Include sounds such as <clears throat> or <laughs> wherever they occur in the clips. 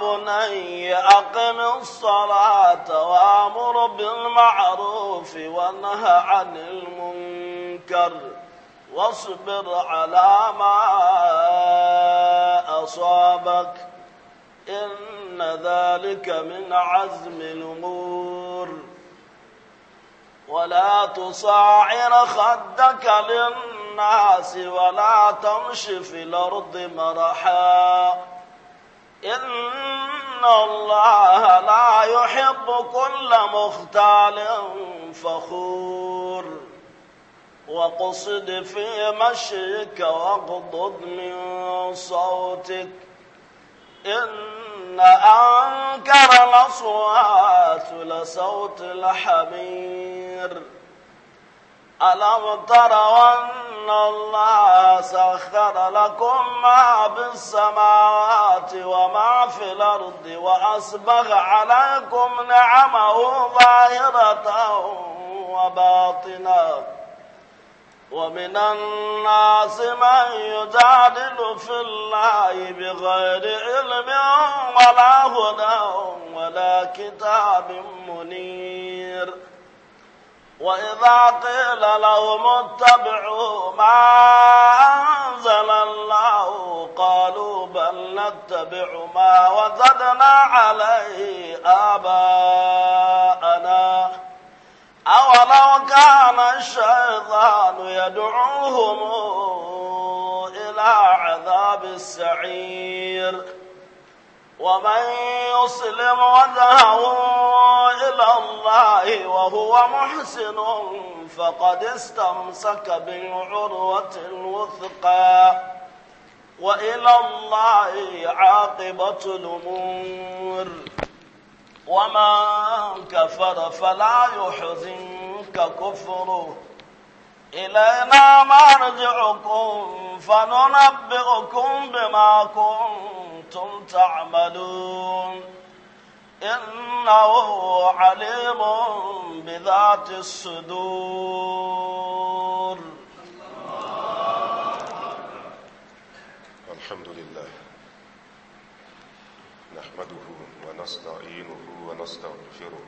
بني أقم الصلاة وأمر بالمعروف وانهى عن المنكر واصبر على ما أصابك إن ذلك من عزم الأمور ولا تصاعر خدك للناس ولا تمش في الأرض مرحاً إن الله لا يحب كل مختال فخور وقصد في مشيك واغضض من صوتك إن أنكر الأصوات لصوت الحمير ألم تروا أن الله سخر لكم ما في السماوات وما في الأرض وأسبغ عليكم نعمه ظاهرة وباطنة ومن الناس من يجادل في الله بغير علم ولا هدى ولا كتاب منير وإذا قيل لهم اتبعوا ما أنزل الله قالوا بل نتبع ما وجدنا عليه آباءنا أولو كان الشيطان يدعوهم إلى عذاب السعير ومن يسلم وجهه إلى الله وهو محسن فقد استمسك بالعروة الوثقى وإلى الله عاقبة الأمور ومن كفر فلا يحزنك كفره إلينا مرجعكم فننبئكم بما كنتم تعملون إنه عليم بذات الصدور الحمد لله نحمده ونستعينه ونستغفره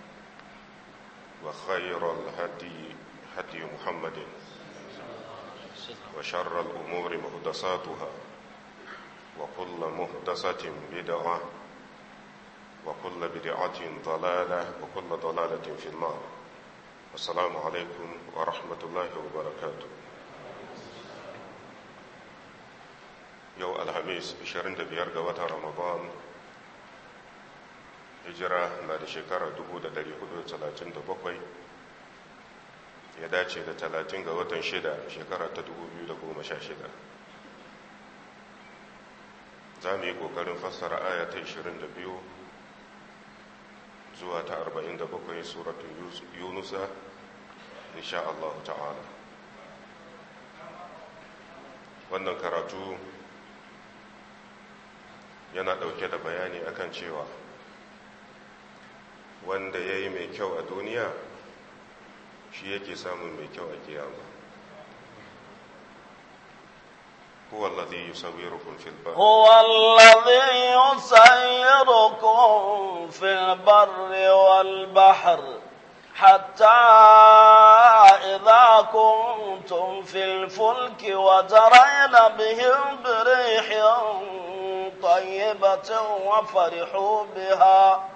وخير الهدي هدي محمد وشر الأمور مهدساتها وكل مهدسة بدعة وكل بدعة ضلالة وكل ضلالة في النار السلام عليكم ورحمة الله وبركاته يوم الخميس 25 ga watan hijira na da shekara 1437 ya dace da 30 ga watan 6 shekara ta 2016 za mu yi kokarin fassara aya ta 22 zuwa ta 47 suratun yunusa insha Allah ta'ala wannan karatu yana ɗauke da bayani akan cewa wanda ya yi mai kyau a duniya shi yake samun mai kyau a kiyama هو الذي يصوركم في البر هو الذي يصوركم في البر والبحر حتى إذا كنتم في الفلك وجرين بهم بريح طيبة وفرحوا بها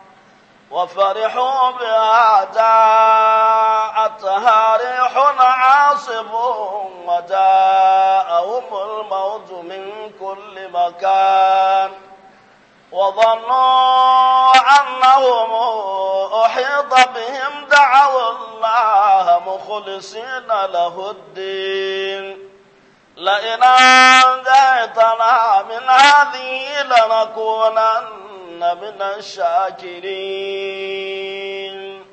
وفرحوا بها جاءتها ريح عاصف وجاءهم الموت من كل مكان وظنوا أنهم أحيط بهم دعوا الله مخلصين له الدين لئن أنجيتنا من هذه لنكونن كنا من الشاكرين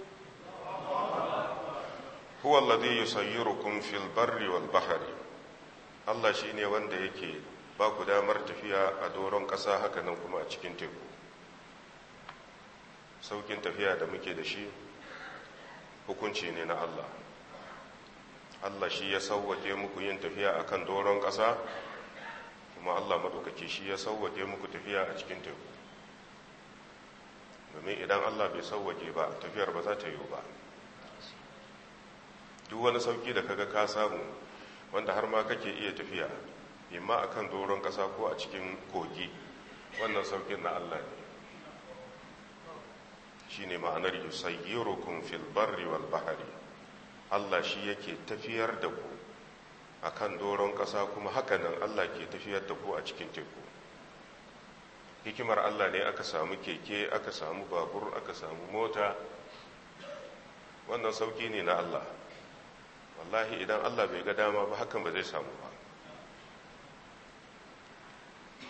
هو الذي يسيركم في البر والبحر الله شيني wanda yake baku damar tafiya a doron ƙasa haka kuma a cikin teku saukin tafiya da muke da shi hukunci ne na Allah Allah shi ya sauwake muku yin tafiya akan doron ƙasa kuma Allah madaukaki shi ya sauwace muku tafiya a cikin teku domin idan allah bai sauwaje ba tafiyar ba za ta yiwu ba duk wani sauki da kaga ka samu wanda har ma kake iya tafiya imma a kan doron ƙasa ko a cikin kogi wannan saukin na allah ne shi ne ma'anar yusayyirukun fil barri wal bahari allah shi yake tafiyar da ku a kan doron ƙasa kuma hakanan allah ke tafiyar da ku a cikin teku hikimar Allah ne aka samu keke aka samu babur aka samu mota wannan sauki ne na Allah wallahi idan Allah bai ga dama ba hakan ba zai samu ba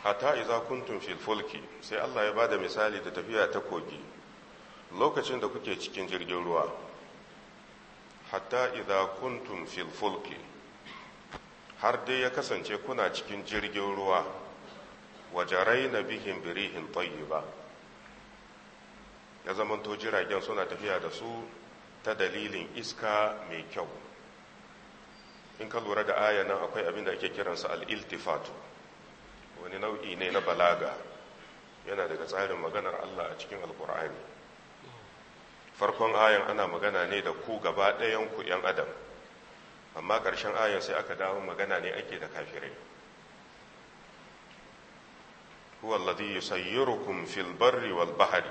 hatta iza kuntum fil fulki sai Allah ya bada misali da tafiya ta kogi lokacin da kuke cikin jirgin ruwa hatta iza kuntum fil fulki har dai ya kasance kuna cikin jirgin ruwa na bihin birihin tayyiba ya zamanto jiragen suna tafiya da su ta dalilin iska mai kyau in ka lura da aya nan akwai abin da ake kiransa Al al-iltifatu wani nau'i ne na balaga yana daga tsarin maganar Allah a cikin alkur'ani farkon ayan ana magana ne da ku gaba ɗayan ku ‘yan adam amma ƙarshen ayan sai aka dawo magana ne ake da kafirai huwa alladhi yusayyirukum fil barri wal bahri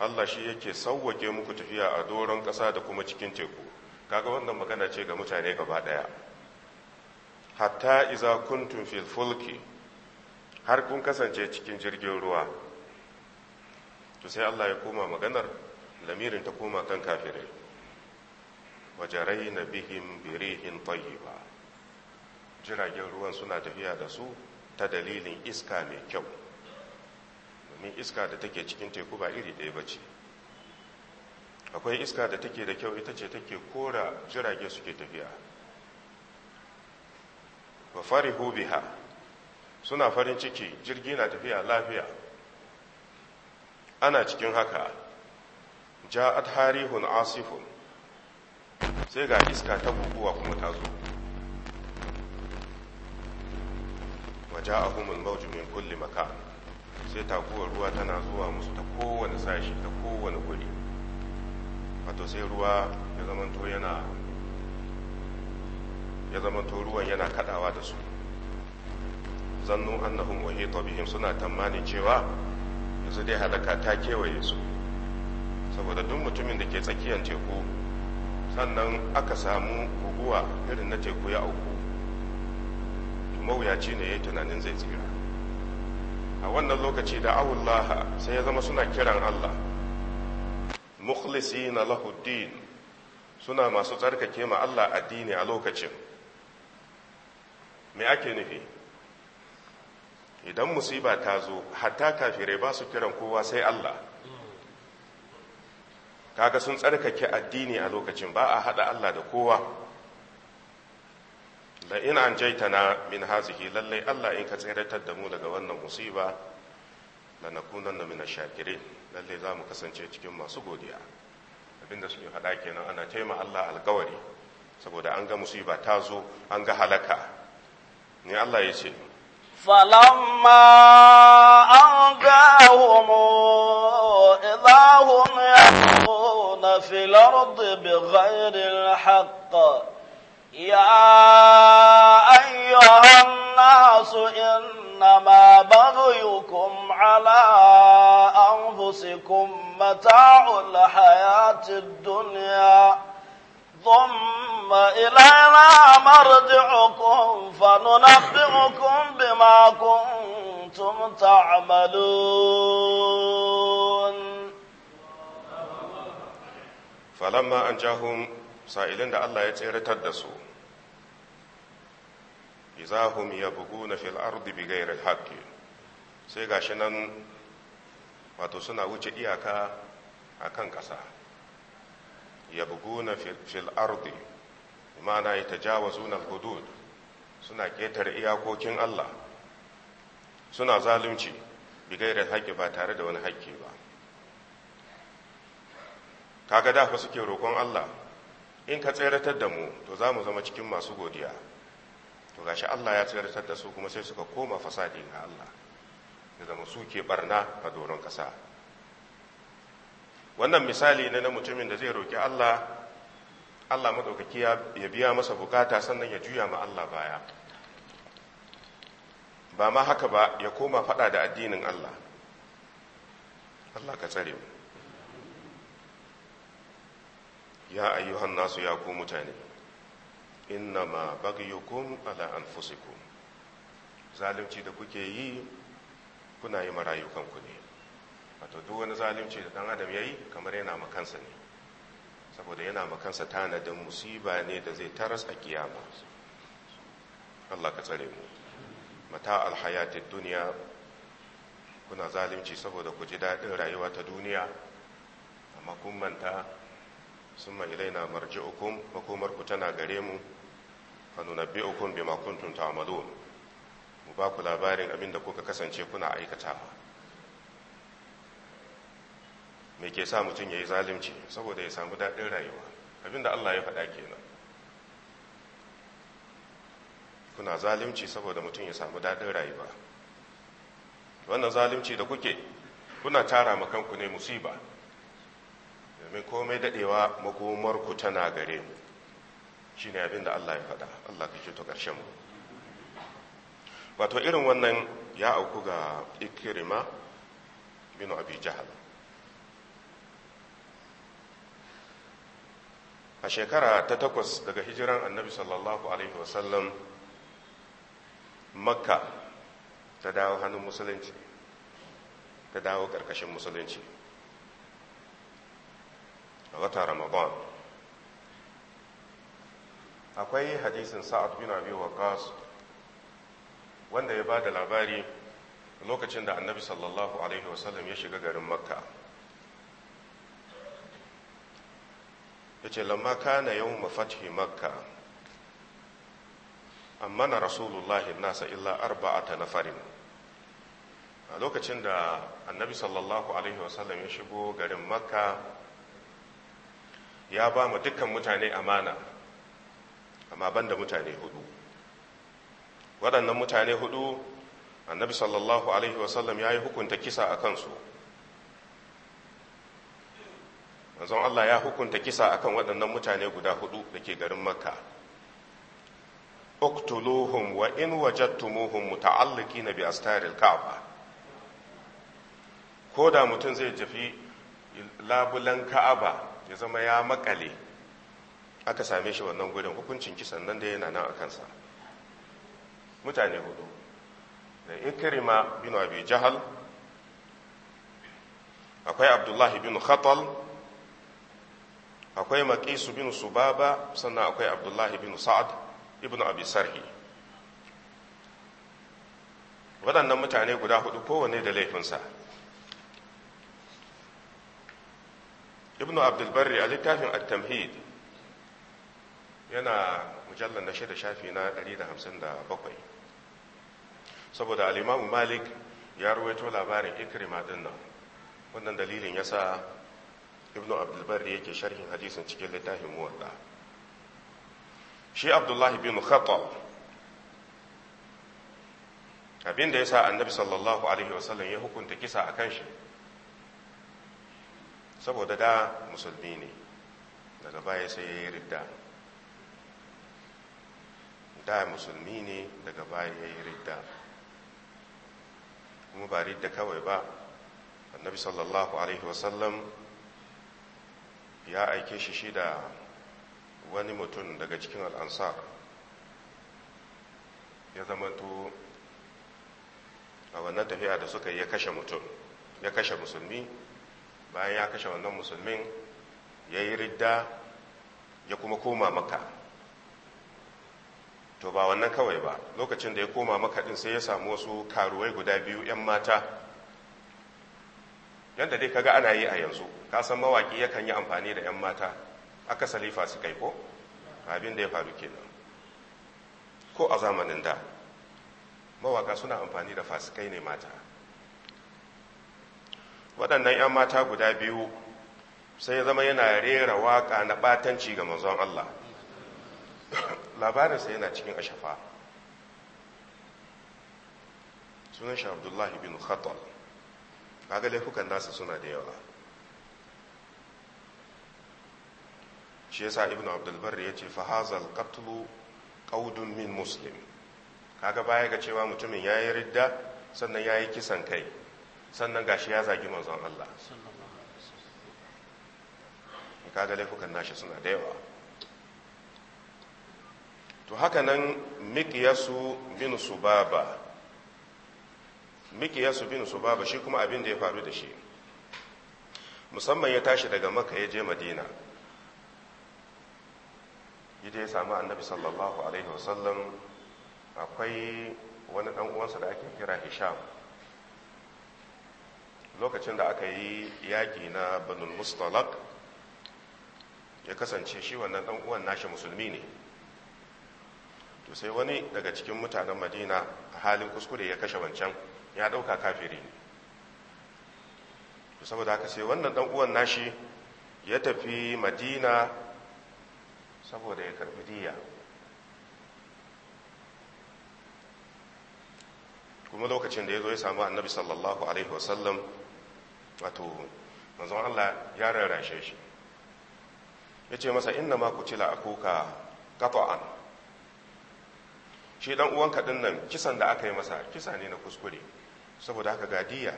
Allah shi yake sauwake muku tafiya a doron ƙasa da kuma cikin teku kaga wannan magana ce ga mutane gaba daya hatta iza kuntum fil fulki har kun kasance cikin jirgin ruwa to sai Allah ya koma maganar lamirin ta koma kan kafirai wajarai na bihin birihin tayyiba jiragen ruwan suna tafiya da su ta dalilin iska mai kyau mai iska da take cikin teku ba iri ɗaya ba ce akwai iska da take da kyau ita ce take kora jirage suke tafiya wa hobi ha. suna farin ciki jirgi na tafiya lafiya ana cikin haka ja harihun asifun sai ga iska ta buguwa kuma ta zo wa a mawju min kulli maka. sai takuwar ruwa tana zuwa musu ta kowane sashi ta kowane guri wato sai ruwa ya zamanto yana ya zamanto ruwan yana kadawa da su zannu annahum uhita bihim suna tamani cewa yanzu dai halaka ta kewaye su saboda duk mutumin da ke tsakiyar teku sannan aka samu guguwa irin na teku ya auku mawuyaci ne ya tunanin zai tsira a wannan lokaci da Allah sai ya zama suna kiran Allah mukhlisin lahu din suna masu tsarkake ma Allah addini a lokacin me ake nufi idan musiba ta zo hatta kafirai ba su kiran kowa sai Allah kaga sun tsarkake addini a lokacin ba a hada Allah da kowa la in an jaitana min hazihi lallai Allah in ka tseratar da mu daga wannan musiba la na min shakirin lallai za mu kasance cikin masu godiya abinda suke haɗa kenan ana taima Allah alkawari saboda an ga musiba ta zo an ga halaka ni Allah ya ce فلما أنجاهم إذا هم يبغون في الأرض يا أيها الناس إنما بغيكم على أنفسكم متاع الحياة الدنيا ثم إلينا مرجعكم فننبئكم بما كنتم تعملون فلما أنجاهم سائلين الله Allah ya izahum na fil ardi bighairi haqqi sai gashi nan wato suna wuce iyaka akan ƙasa na fil ardi ta jawa sunan hudud suna ketare iyakokin Allah suna zalunci bigairar haƙƙi ba tare da wani haƙƙi ba kaga da fa suke roƙon Allah in ka tseratar da mu to za mu zama cikin masu godiya to gashi Allah ya tsirtar da su kuma sai suka koma fasadi ga Allah da zama su barna a doron ƙasa wannan misali ne na mutumin da zai roƙi Allah Allah maɗaukaki ya biya masa bukata sannan ya juya ma Allah baya ba ma haka ba ya koma faɗa da addinin Allah Allah ka tsare mu ya ayyuhan nasu ya ku mutane innama bagyukum ala anfusikum zalunci da kuke yi kuna yi marayukanku ne wato duk wani zalunci da dan adam yayi kamar yana makansa ne saboda yana makansa tanadin musiba ne da zai taras a kiyama Allah ka tsare mu mata alhayatid duniya kuna zalunci saboda ku ji dadin rayuwa ta duniya amma kun manta sun na ilaina marji'ukum makomarku tana gare mu fa bai makuntun ta ta'malun mu ba ku labarin abin da kuka kasance kuna aikatawa me ke sa mutum ya yi zalunci saboda ya samu dadin rayuwa abin da Allah ya faɗa kenan kuna zalunci saboda mutum ya samu dadin rayuwa wannan zalimci da kuke kuna tara makanku ne musiba Mai komai dadewa makomarku tana gare mu ne abin da Allah ya faɗa Allah ka ta ƙarshen mu wato irin wannan ya auku ga ikirima bin abi jahal a shekara ta takwas daga hijiran annabi sallallahu alaihi wasallam makka ta dawo hannun musulunci ta dawo ƙarƙashin musulunci a watan ramadan akwai hadisin sa'ad bin abi waqas wanda ya ba da labari lokacin da annabi sallallahu alaihi wasallam ya shiga garin makka ya ce lamma kana yau mafathi makka amma na rasulullahi nasa illa arba'ata na farin a lokacin da annabi sallallahu alaihi wasallam ya shigo garin makka ya ba mu dukkan mutane amana amma ban da mutane hudu waɗannan mutane hudu annabi sallallahu alaihi wasallam ya yi hukunta kisa a kansu manzon Allah ya hukunta kisa a kan waɗannan mutane guda hudu da ke garin makka uktuluhum wa in wajadtumuhum muta'alliqina bi astaril ka'ba ko da mutum zai jafi labulan ka'aba ya zama ya makale aka same shi wannan gudun hukuncin kisan nan da yana nan a kansa mutane hudu da ikirima bin abi jahal akwai abdullahi bin khatal akwai makisu bin subaba sannan akwai abdullahi bin sa'ad ibn abi sarhi waɗannan mutane guda hudu kowane da laifinsa ibnu abdulbarri a littafin at yana mujallar na shida shafi na 157 saboda alimamu malik ya ruwaito labarin ikrima din nan wannan dalilin yasa ibnu abdulbarri yake sharhin hadisin cikin littafin muwadda shi abdullahi bin khattab abinda yasa annabi sallallahu alaihi wasallam ya hukunta kisa a kan shi saboda da musulmi ne daga baya sai ya yi ridda da musulmi ne daga baya ya yi ridda kuma ba ridda kawai ba annabi sallallahu alaihi wasallam ya aike shi shi da wani mutum daga cikin al'ansar ya zama to a wannan tafiya da suka ya kashe mutum ya kashe musulmi bayan ya kashe wannan musulmin ya yi ridda ya kuma koma maka to ba wannan kawai ba lokacin da ya koma maka din sai ya samu wasu karuwai guda biyu 'yan mata yadda dai kaga ana yi a yanzu kasan mawaki yakan yi amfani da 'yan mata aka salifa su kai ko abin da ya faru kenan ko a zamanin da mawaka suna amfani da fasikai ne mata waɗannan 'yan mata guda biyu sai ya zama yana rera waƙa na ɓatanci ga manzon Allah <coughs> labarinsa yana cikin ashafa sunan shi abdullahi bin khattal kaga laifukan nasa suna da yawa shi yasa ibn abdulbar ya ce fahazal katulu qaudun min muslim kaga baya ga cewa mutumin ya yi ridda sannan ya yi kisan kai sannan gashi ya zagi manzon Allah kaga laifukan nashi suna da yawa to haka nan bin subaba bin subaba shi kuma abin da ya faru da shi musamman ya tashi daga maka ya je madina yadda ya sami annabi sallallahu alaihi wasallam akwai wani ɗan uwansa da ake kira hisham lokacin da aka yi yaƙi na banul mustalak ya kasance shi wannan ɗan uwan nashi musulmi ne to sai wani daga cikin mutanen madina a halin kuskure ya kashe wancan ya ɗauka kafiri ne to saboda haka sai wannan ɗan uwan nashi ya tafi madina saboda ya karbi diya kuma lokacin da ya zo ya samu annabi sallallahu alaihi wasallam wato manzon Allah ya rarrashe shi ya ce masa inna ma ku cila kuka Kafa'an. shi dan uwanka din nan kisan da aka yi masa kisa ne na kuskure saboda haka ga diya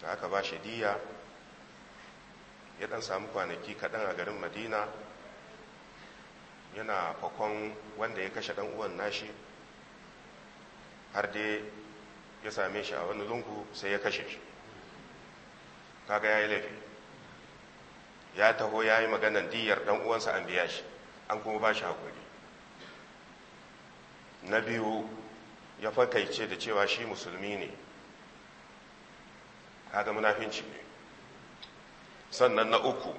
da aka ba shi diya ya dan samu kwanaki kaɗan a garin madina yana fakon wanda ya kashe dan uwan nashi har dai ya same shi a wani lungu sai ya kashe shi kaga ya yi laifi ya taho ya yi maganan diyar dan uwansa an biya shi an kuma ba shi haƙuri na biyu ya fakaice da cewa shi musulmi ne kaga munafinci ne sannan na uku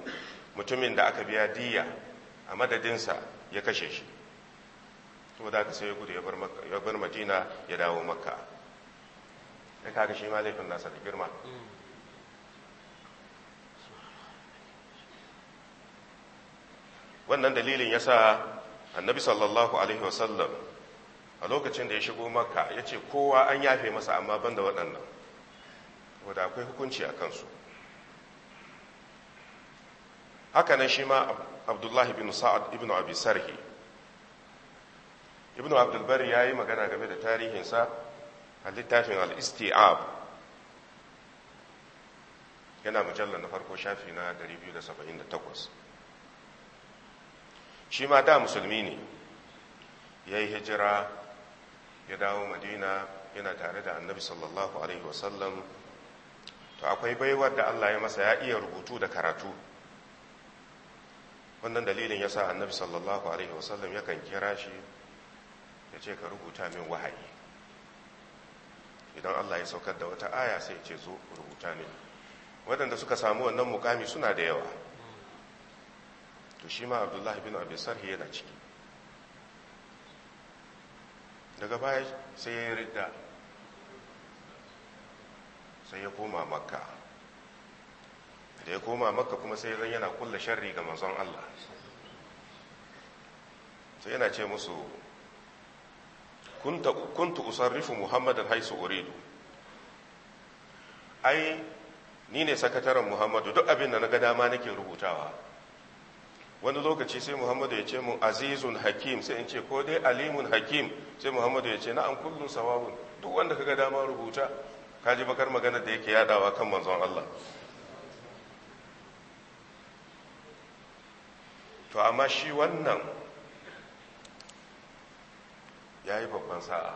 mutumin da aka biya diya a madadinsa ya kashe shi to da aka sai ya gudu ya bar madina ya dawo makka sai kaga shi ma laifin nasa da girma wannan dalilin ya sa annabi sallallahu alaihi wasallam a lokacin da ya shigo makka ya ce kowa an yafe masa amma ban da waɗannan wadda akwai hukunci a kansu haka nan shi ma abdullahi ibn sa'ad ibn abi sarhi ibn abdulbari ya yi magana game da tarihinsa a littafin alisti'ab yana mujallar na farko shafi na 278 shi ma da musulmi ne ya yi hijira ya dawo madina yana tare da annabi sallallahu alaihi wasallam to akwai baiwar da allah ya masa ya iya rubutu da karatu wannan dalilin ya sa annabi sallallahu alaihi wasallam yakan kira shi ya ce ka rubuta min wahayi idan Allah ya saukar da wata aya sai ce zo rubuta ne waɗanda suka samu wannan mukami suna da yawa to shi ma abdullahi bin abu sarhi yana ciki daga baya sai ya yi ridda sai ya koma makka da ya koma makka kuma sai zan yana kulla sharri ga manzon Allah sai yana ce musu kuntu usarrifu muhammadan haisu uridu ai ni ne sakataren muhammadu duk abin da na ga dama nake rubutawa wani lokaci sai muhammadu ya ce mu azizun hakim sai in ce ko dai alimun hakim sai muhammadu ya ce na an kullum sawabun duk wanda kaga dama rubuta kaji bakar magana da yake yadawa kan manzon Allah to amma shi wannan ya yi babban sa'a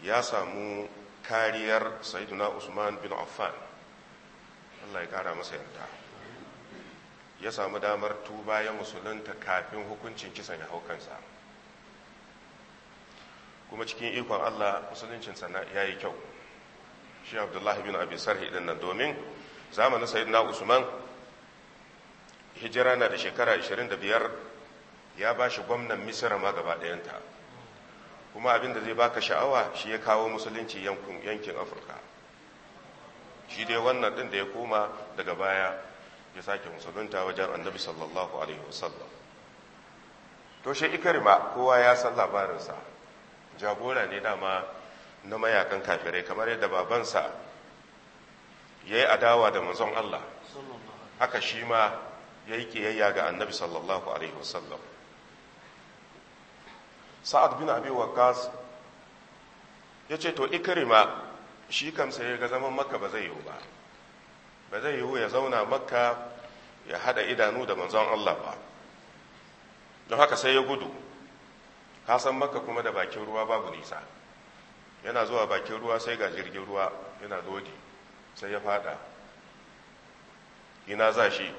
ya samu kariyar saiduna usman bin affan allah ya kara masa yarda ya samu damar tuba ya musulunta kafin hukuncin kisan ya hau kansa kuma cikin ikon allah musuluncinsa ya yi kyau shi abdullahi bin abin sarhi din nan domin zamanin sayyidina usman hijira na da shekara 25 ya ba shi gwamnan misira ma gaba ɗayanta kuma abinda zai baka sha'awa shi ya kawo musulunci yankin afirka shi dai wannan ɗin da ya koma daga baya ya sake musulunta wajen annabi sallallahu alaihi wasallam to shi ikarima kowa ya san labarinsa jagora ne dama na mayakan kafirai kamar yadda babansa ya yi adawa da manzon Allah haka shi ma ya yi ƙiyayya ga annabi sallallahu alaihi wasallam sa'ad bin abi waqas ya ce to ma shi kam ya ga zaman makka ba zai yiwu ba ba zai yiwu ya zauna makka ya hada idanu da manzon Allah ba don haka sai ya gudu ka san makka kuma da bakin ruwa babu nisa yana zuwa bakin ruwa sai ga jirgin ruwa yana dodi sai ya fada ina za shi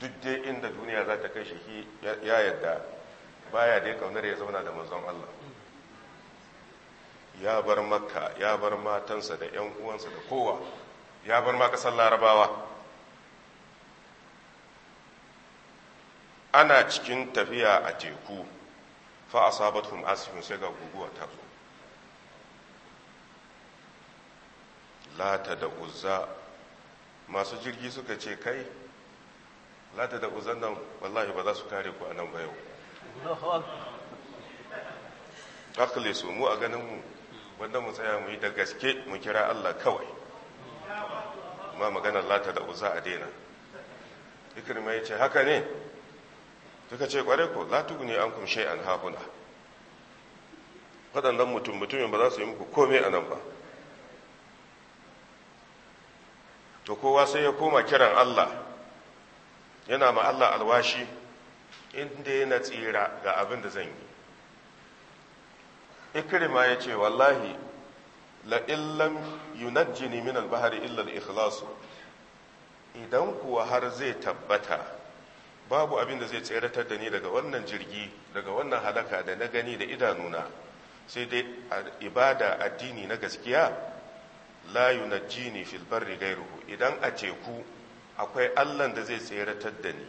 duk dai inda duniya za ta kai shi ya yadda baya dai kaunar ya zauna da manzon Allah ya bar makka ya bar matansa da 'yan uwansa da kowa ya bar ma kasar larabawa ana cikin tafiya a teku fa asabatum asifin sai ga guguwa ta zo lata da uzza masu jirgi suka ce kai lata da uzan nan wallahi ba za su kare ku a nan ba yau akali su mu a ganin mu wanda mu tsaya mu yi da gaske mu kira Allah kawai ma maganar lata da uza a daina ikirma ya ce haka ne suka ce kware ko latugu ne an kumshe an hakuna waɗannan mutum mutumin ba za su yi muku kome a nan ba to kowa sai ya koma kiran Allah yana ma Allah alwashi inda na tsira ga abin da zan yi ikirma ya ce wallahi la'illam yunajjini min albahari illal ikhlasu idan kuwa har zai tabbata babu abin da zai tseratar da ni daga wannan jirgi daga wannan halaka da na gani da idanuna sai dai ibada addini na gaskiya la yunajjini fil barri gairuhu idan a teku akwai allan da zai tseratar da ni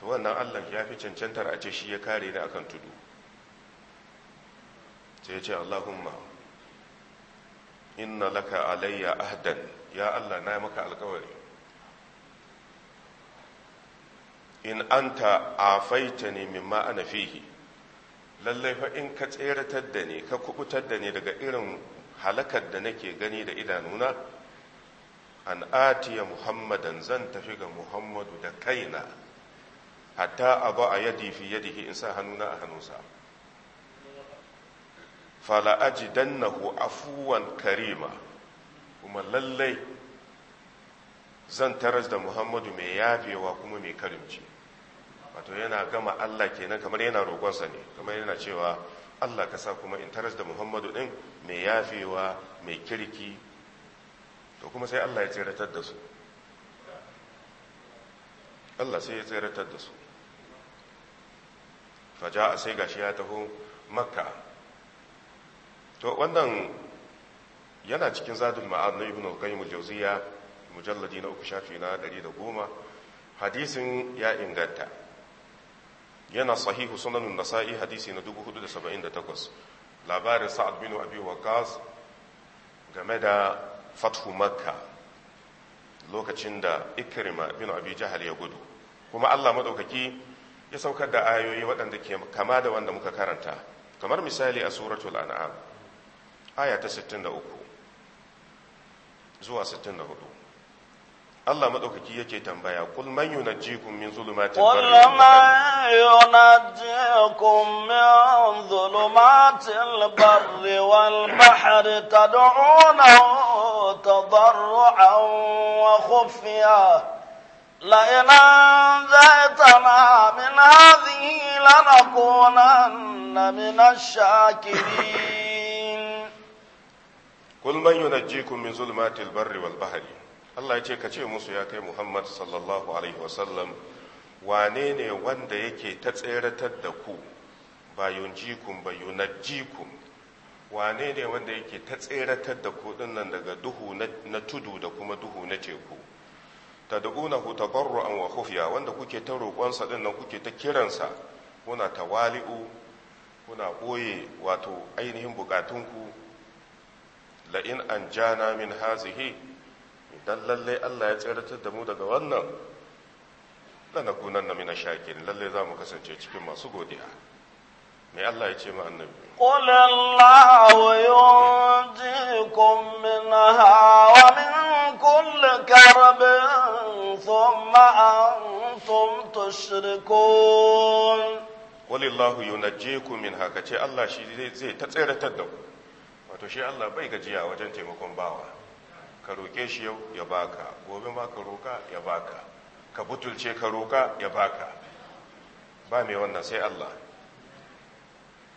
to wannan allah ya fi cancantar a ce shi ya kare ni akan tudu sai ya ce allahumma inna laka alayya ahdan ya allah na maka alkawari in anta afaita ne mimma ana fihi lallai fa in ka tseratar da ni ka kubutar da ni daga irin halakar da nake gani da idanuna an atiya muhammadan zan tafi ga muhammadu da kaina hatta a ba a yadi fi yadihi in sa hannuna a hannunsa fala ku afuwan karima kuma lallai zan taras da muhammadu mai yafewa kuma mai karimci wato yana gama allah kenan kamar yana roƙonsa ne kamar yana cewa allah ka sa kuma in taras da muhammadu ɗin mai yafewa mai kirki to kuma sai allah ya tseratar da su allah sai ya tseratar da su faja a sai gashi ya taho makka to wannan yana cikin zadul ma'ad na ibn al-qayyim al-jawziya mujalladi na uku shafi na 110 hadisin ya inganta yana sahihu an nasa'i hadisi na 478 labarin sa'ad bin abi waqas game da fathu makka lokacin da ikrima bin abi jahal ya gudu kuma Allah madaukaki ya saukar da ayoyi waɗanda ke kama da wanda muka karanta kamar misali a suratul an'am aya ta 63 zuwa 64 Allah maɗaukaki yake tambaya kul man yunajjikum min zulumatil barri wal man yunajjikum min zulumatil barri wal bahri tad'unahu tadarruan wa khufiyah لئن أنزعتنا من هذه لنكونن من الشاكرين قل من ينجيكم من ظلمات البر والبحر Allah ya ce ka ce musu ya kai Muhammad sallallahu alaihi wane ne wanda yake ta tseratar da ku bayun jikun bayunar jikun wane ne wanda yake ta tseratar da ku dinnan daga duhu na tudu da kuma duhu na teku tad'unahu tabarru'an wa khufiya wanda kuke ta roƙonsa din nan kuke ta kiransa kuna tawali'u kuna boye wato ainihin bukatunku la in anjana min hazihi idan lalle Allah ya tsiratar da mu daga wannan lanakunanna min ashakirin lalle za mu kasance cikin masu godiya Me Allah ya ce ma annabi. Ƙuli Allah wa yi min hawa min kulle karabin sun ma'an sun tushirikun. Ƙuli Allah wa min haka ce Allah shi zai ta tseratar da ku. Wato shi Allah bai gajiya wajen taimakon bawa. Ka roƙe shi yau ya baka, gobe ma ka roƙa ya baka, ka butulce ka roƙa ya baka. Ba mai wannan sai Allah.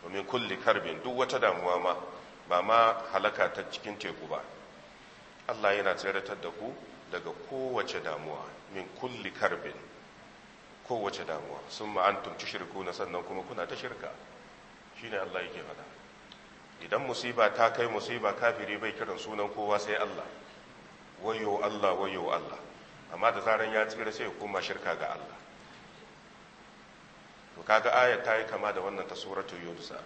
domin kulli karbin duk wata damuwa ma ba ma halaka ta cikin teku ba Allah yana tseratar da ku daga kowace damuwa min kulli karbin kowace damuwa sun ma'antum ci shirku na sannan kuma kuna ta shirka shi ne Allah yake fada idan musiba ta kai musiba kafiri bai kiran sunan kowa sai Allah wayo Allah wayo Allah amma da zaran ya tsira sai ya koma shirka ga Allah to kaga ayat ta yi kama da wannan ta suratul yunusa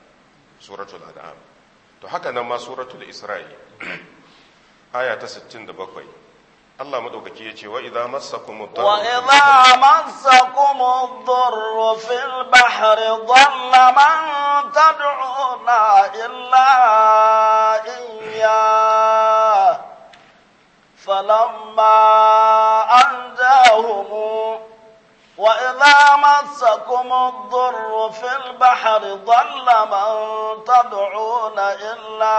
suratul an'am to haka nan ma suratul isra'i <clears throat> aya ta 67 Allah madaukaki ya ce wa idza massakum ad-darru wa idza massakum ad-darru fil bahri dhalla man tad'una illa iyya فلما أنجاهم وإذا مسكم الضر في البحر ضل من تدعون إلا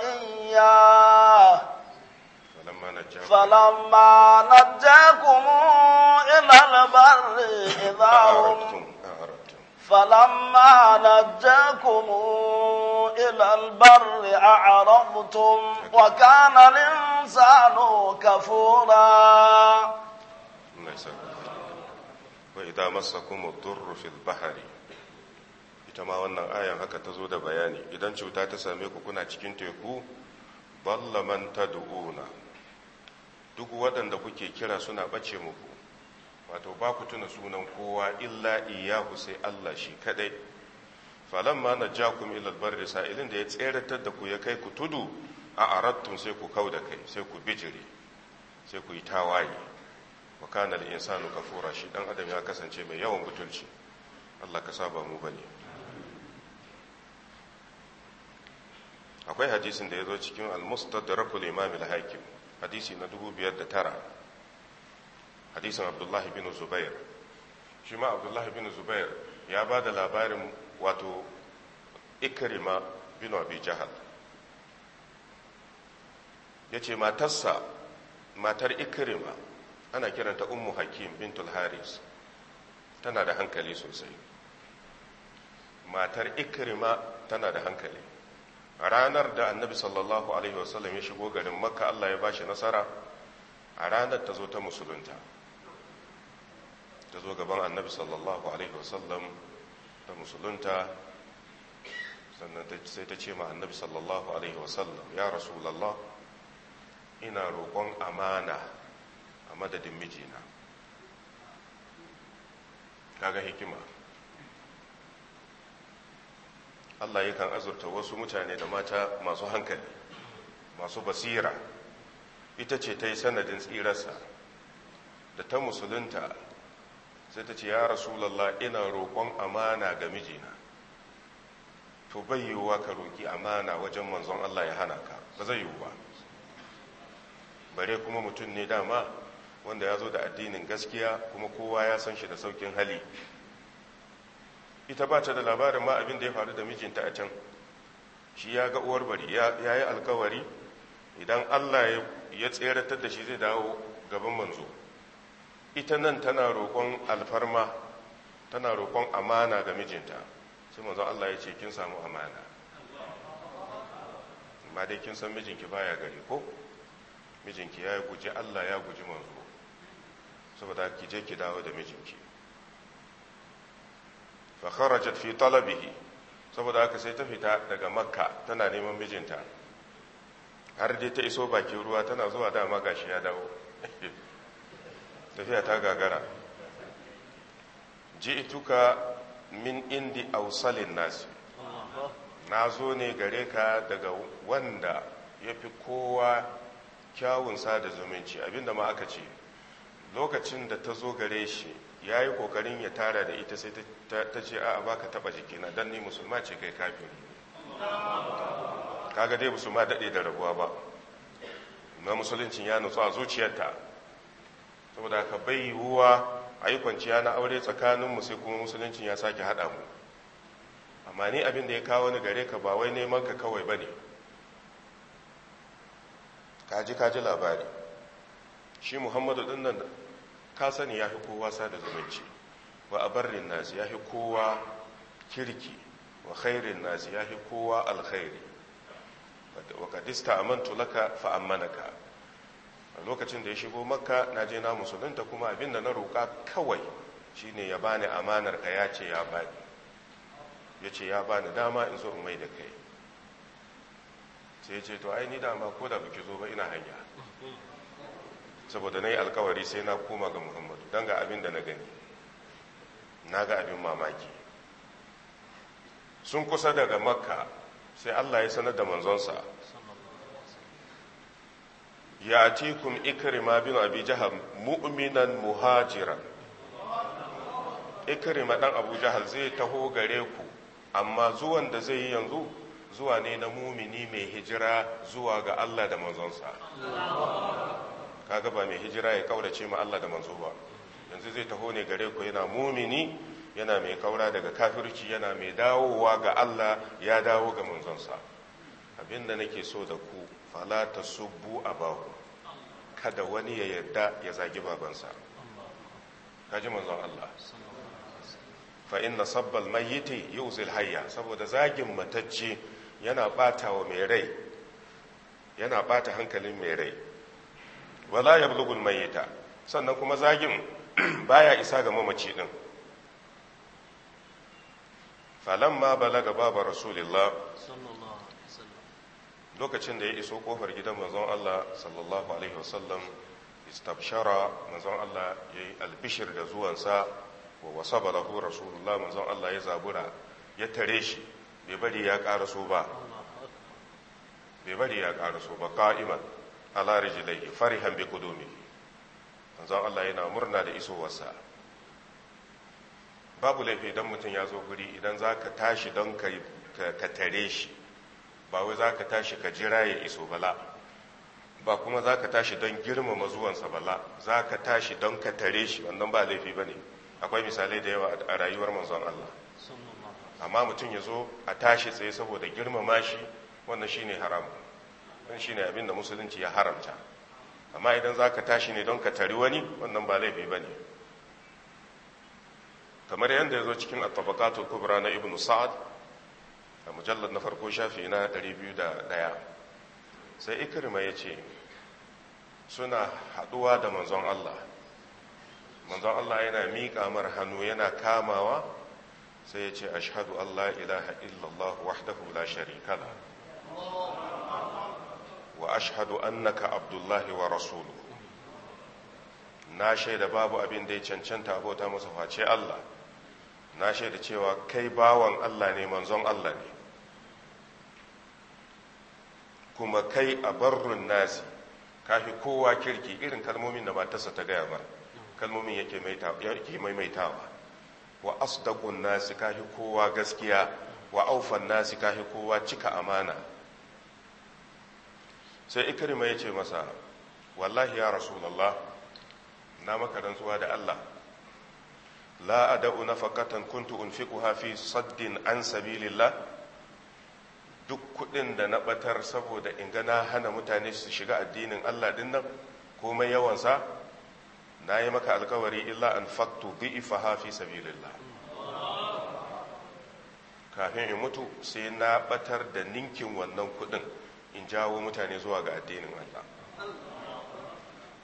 إياه فلما نجاكم إلى البر إذا هم فلما نجاكم إلى البر أعرضتم وكان الإنسان كفورا wa idza massakum ad-durru fil bahri ita ma wannan ayan haka ta zo da bayani idan cuta ta same ku kuna cikin teku ballaman man tad'una duk waɗanda kuke kira suna bace muku wato ba ku tuna sunan kowa illa iyahu sai Allah shi kadai falamma najakum ila al-barri sa'ilin da ya tseratar da ku ya kai ku tudu a arattun sai ku kau da kai sai ku bijire sai ku yi tawaye wa kana al-insanu kafura shi dan adam ya kasance mai yawan butulci Allah ka saba mu bane akwai hadisin da ya zo cikin al-mustadrak al-imam al-hakim hadisi na 2009 hadisin abdullahi bin Zubair shi ma Abdullah bin Zubair ya ba da labarin wato ikirima bin Abi Jahal ce matarsa matar ikirima. ana kiranta ummu hakim bintul haris tana da hankali sosai matar ikrima tana da hankali ranar da annabi sallallahu alaihi wasallam ya shigo garin makka allah ya bashi nasara a ranar ta zo ta musulunta ta zo gaban annabi sallallahu alaihi wasallam ta musulunta sannan sai ta ce ma annabi sallallahu alaihi wasallam ya rasulallah ina roƙon amana a madadin mijina kaga hikima Allah yakan azurta wasu mutane da mata masu hankali masu basira ita ce ta yi sanadin tsirarsa da ta musulunta sai ta ce ya lalla ina roƙon amana ga mijina to bai yiwuwa ka roƙi amana wajen manzon Allah ya hana ka ba zai yiwu ba bare kuma mutum ne dama wanda ya zo da addinin gaskiya kuma kowa ya san shi da saukin hali ita ba ta da labarin ma abin da ya faru da mijinta a can shi ya ga uwar bari ya yi alkawari idan allah ya tseratar da shi zai dawo gaban manzo ita nan tana roƙon alfarma tana roƙon amana ga mijinta sai manzo allah ya ce kin samu amana amma dai kin san mijinki baya gari ko mijinki ya guji allah ya guji manzo saboda ki je ki dawo da mijinki fa kharajat fi talabihi saboda haka sai ta fita daga makka tana neman mijinta har dai ta iso bakin ruwa tana zuwa dama gashi ya dawo <laughs> tafiya ta gagara ji ituka min indi ausalin nasi na zo ne gare ka daga wanda ya fi kowa kyawun sada zumunci abinda ma aka ce lokacin da ta zo gare shi ya yi ƙoƙarin ya tara da ita sai ta ce a ba ka taɓa jikina don ni musulma ce kai kafin kaga dai musulma daɗe da rabuwa ba na musuluncin ya nutsu a zuciyarta saboda ka bai huwa a yi kwanciya na aure tsakaninmu sai kuma musuluncin ya sake haɗa mu amma ni abin da ya kawo ni gare ka ba wai neman ka kawai ba ne kaji kaji labari shi muhammadu ɗin nan ka sani ya fi kowa sada zumunci wa a barin nasi ya fi kowa kirki wa khairin nasi ya fi kowa alkhairi wa kadista amantu laka fa manaka a lokacin da ya shigo makka na je na musulunta kuma abin da na roƙa kawai shi ne ya bani amanar ka ya ce ya bani ya ce ya bani dama in zo in mai da kai sai ce to ai ni dama ko da baki zo ba ina hanya saboda na yi alkawari sai na koma ga muhammadu don ga abin da na gani na ga abin mamaki sun kusa daga makka sai allah ya sanar da manzonsa ya tikun ma bin abu jihar mu'minan muhajiran dan abu jihar zai taho gare ku amma zuwan da zai yi yanzu zuwa ne na mumini mai hijira zuwa ga allah da manzonsa kaga ba mai hijira ya kaurace ma Allah da manzo ba yanzu zai taho ne gare ku yana mumini yana mai kaura daga kafirci yana mai dawowa ga Allah ya dawo ga manzonsa abinda nake so da ku fala tasubbu abahu kada wani ya yarda ya zagi babansa kaji manzon Allah fa inna sabbal mayyiti yuzil hayya saboda zagin matacce yana bata wa mai rai yana bata hankalin mai rai wala ya yablughul mayyita sannan kuma zagin <clears throat> baya isa ga mamaci din falamma balaga baba rasulillah lokacin da ya iso kofar gidan manzon Allah sallallahu alaihi wasallam istabshara manzon Allah yayi albishir da zuwansa wa wasaba lahu rasulullah manzon Allah ya zabura ya tare shi bai bari ya karaso ba bai bari ya karaso ba qa'iman ala fari farihan bi kudumi manzon Allah yana murna da isowarsa babu laifi idan mutum ya zo guri idan za tashi don ka tare shi ba wai za ka tashi ka jira ya iso bala ba kuma za tashi don girmama zuwansa bala za ka tashi don ka tare shi wannan ba laifi ba ne akwai misalai da yawa a rayuwar manzon Allah amma mutum ya zo a tashi tsaye saboda girmama shi wannan shine haramun don shine abin da musulunci ya haramta amma idan za ka tashi ne don ka tari wani wannan ba laifi ba ne kamar yadda ya zo cikin attabakatu kubra na ibn sa'ad a mujallar na farko shafi na 201 sai ikirma ya ce suna haduwa da manzon Allah manzon Allah yana miƙa mar hannu yana kamawa sai ya ce ashhadu Allah ilaha illallah wahdahu la sharika la وأشهد annaka abdullahi wa ورسوله na shaida babu abin da ya cancanta abota masa face Allah na shaida cewa kai bawan Allah ne manzon Allah ne kuma kai a barrun nasi kafi kowa kirki irin kalmomin da matarsa ta gaya ba kalmomin yake maimaitawa wa asdaqun nasi kafi kowa gaskiya wa aufan nasi kafi kowa cika amana sai ikirma ya ce masa wallahi ya rasulallah na maka rantsuwa da Allah la ada'u nafaqatan kuntu unfiquha fi saddin an sabilillah duk kudin da na batar saboda in ga na hana mutane su shiga addinin Allah din nan komai yawansa na yi maka alkawari illa an faktu bi'ifaha fi sabilillah kafin in mutu sai na batar da ninkin wannan kudin in jawo mutane zuwa ga addinin Allah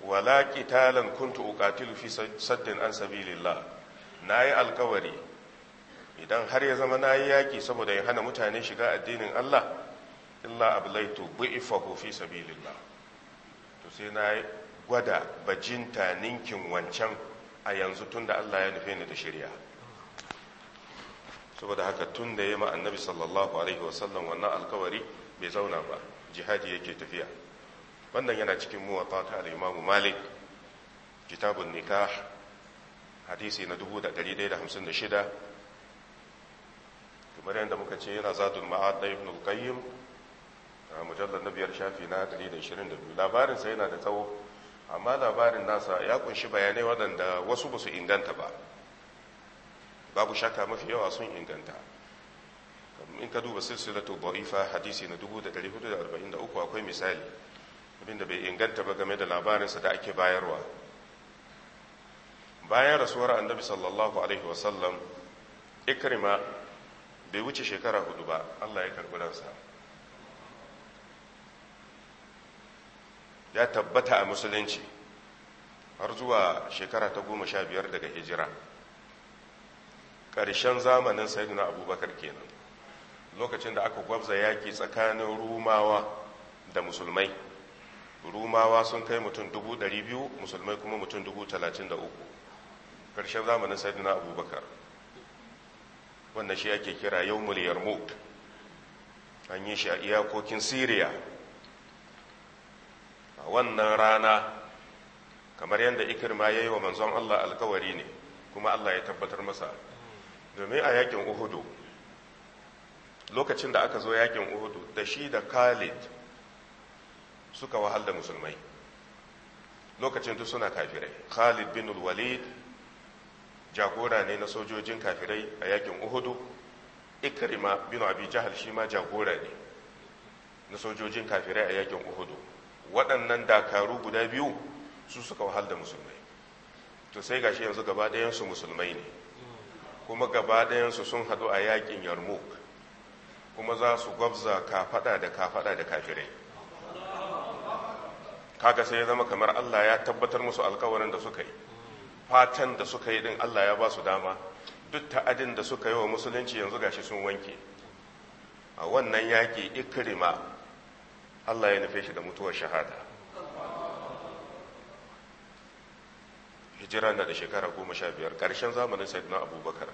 wala qitalan kuntu uqatilu fi saddin an sabilillah nayi alkawari idan har ya zama nayi yaki saboda in hana mutane shiga addinin Allah illa ablaitu bi'ifahu fi sabilillah to sai nayi gwada bajinta ninkin wancan a yanzu tunda Allah ya nufe ni da shari'a saboda haka tunda yayi ma annabi sallallahu alaihi wasallam wannan alkawari bai zauna ba jihadi yake tafiya wannan yana cikin muwatta ta al-imamu malik kitabun nikah hadisi na 1156 kamar yadda muka ce yana zadun ma'ad da ibn al-qayyim a mujallar na biyar shafi na 122 labarinsa yana da tsawo amma labarin nasa ya kunshi bayanai waɗanda wasu ba su inganta ba babu shaka mafi yawa sun inganta in ka duba silsilatu ba'ifa hadisi na 443 akwai misali abinda bai inganta ba game da labarinsa da ake bayarwa bayan rasuwar annabi sallallahu alaihi wasallam ikrima bai wuce shekara hudu ba allah ya karbi ransa ya tabbata a musulunci har zuwa shekara ta goma sha biyar daga hijira ƙarshen zamanin sayyidina abubakar kenan lokacin da aka gwabza yaki tsakanin rumawa da musulmai rumawa sun kai mutum dubu musulmai kuma mutum dubu talatin da uku ƙarshen zamanin sardina abubakar wannan shi ake kira yau miliyar mu an yi shi a iyakokin siriya a wannan rana kamar yadda ikirma ya yi wa manzon allah alkawari ne kuma allah ya tabbatar masa domin a yakin uhudu lokacin da aka zo yakin uhudu da shi da khalid suka wahal da musulmai lokacin da suna kafirai khalid bin walid jagora ne na sojojin kafirai a yakin uhudu ikrima bin abi jahal shi ma jagora ne na sojojin kafirai a yakin uhudu waɗannan dakaru guda biyu su suka wahal da musulmai to sai gashi yanzu gaba ɗayansu musulmai ne kuma gaba ɗayansu sun haɗu a yakin yarmouk kuma za su gwabza kafada da kafada da kafirai kaga sai ya zama kamar Allah ya tabbatar musu alkawarin da suka yi fatan da suka yi din Allah ya ba su dama duk ta'adin da suka yi wa musulunci yanzu gashi sun wanke a wannan yaki ikrima Allah ya nufe shi da mutuwar shahada hijira na da shekara goma sha biyar ƙarshen zamanin sayyidina abubakar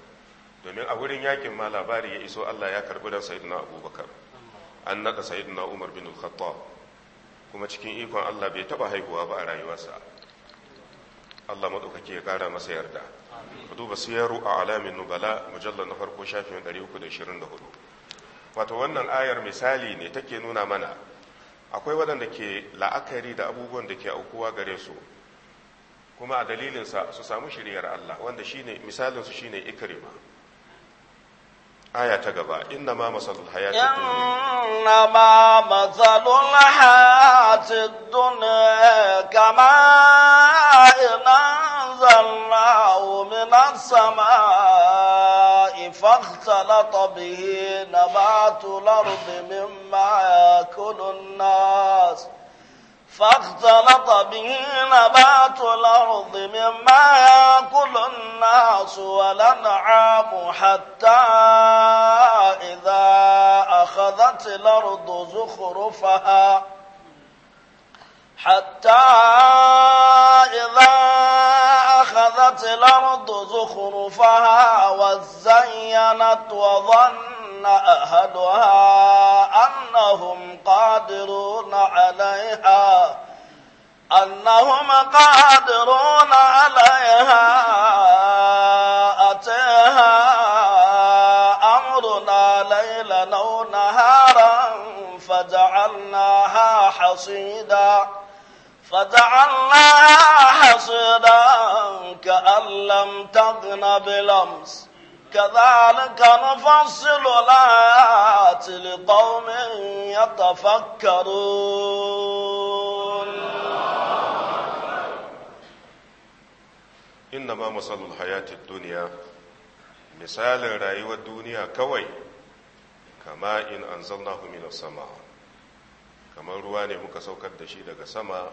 domin a wurin yakin ma labari ya iso Allah ya karbi da sayyidina abubakar an nada sayyidina umar bin khattab kuma cikin ikon Allah bai taba haihuwa ba a rayuwarsa Allah madaukake ya kara masa yarda ku duba siyaru a alamin nubala mujallar na farko shafin 324 wato wannan ayar misali ne take nuna mana akwai waɗanda ke la'akari da abubuwan da ke aukuwa gare su kuma a dalilinsa su samu shiriyar Allah wanda shine misalinsu shine ikrima aya ta gaba inna ma masalul hayati inna ma masalul hayati dunya kama inanzalnahu minas samai fakhtalata bihi nabatul ardi فاختلط به نبات الأرض مما يأكل الناس والأنعام حتى إذا أخذت الأرض زخرفها حتى إذا أخذت الأرض زخرفها وزينت وظن أهلها أنهم قادرون عليها أنهم قادرون عليها أتيها أمرنا ليلا أو نهارا فجعلناها حصيدا فجعلناها حصيدا كأن لم تغن بالأمس كذلك نفصل الآيات لقوم يتفكرون إنما مثل الحياة الدنيا misalin rayuwar duniya kawai kama in an zanna minas sama kamar ruwa ne muka saukar da shi daga sama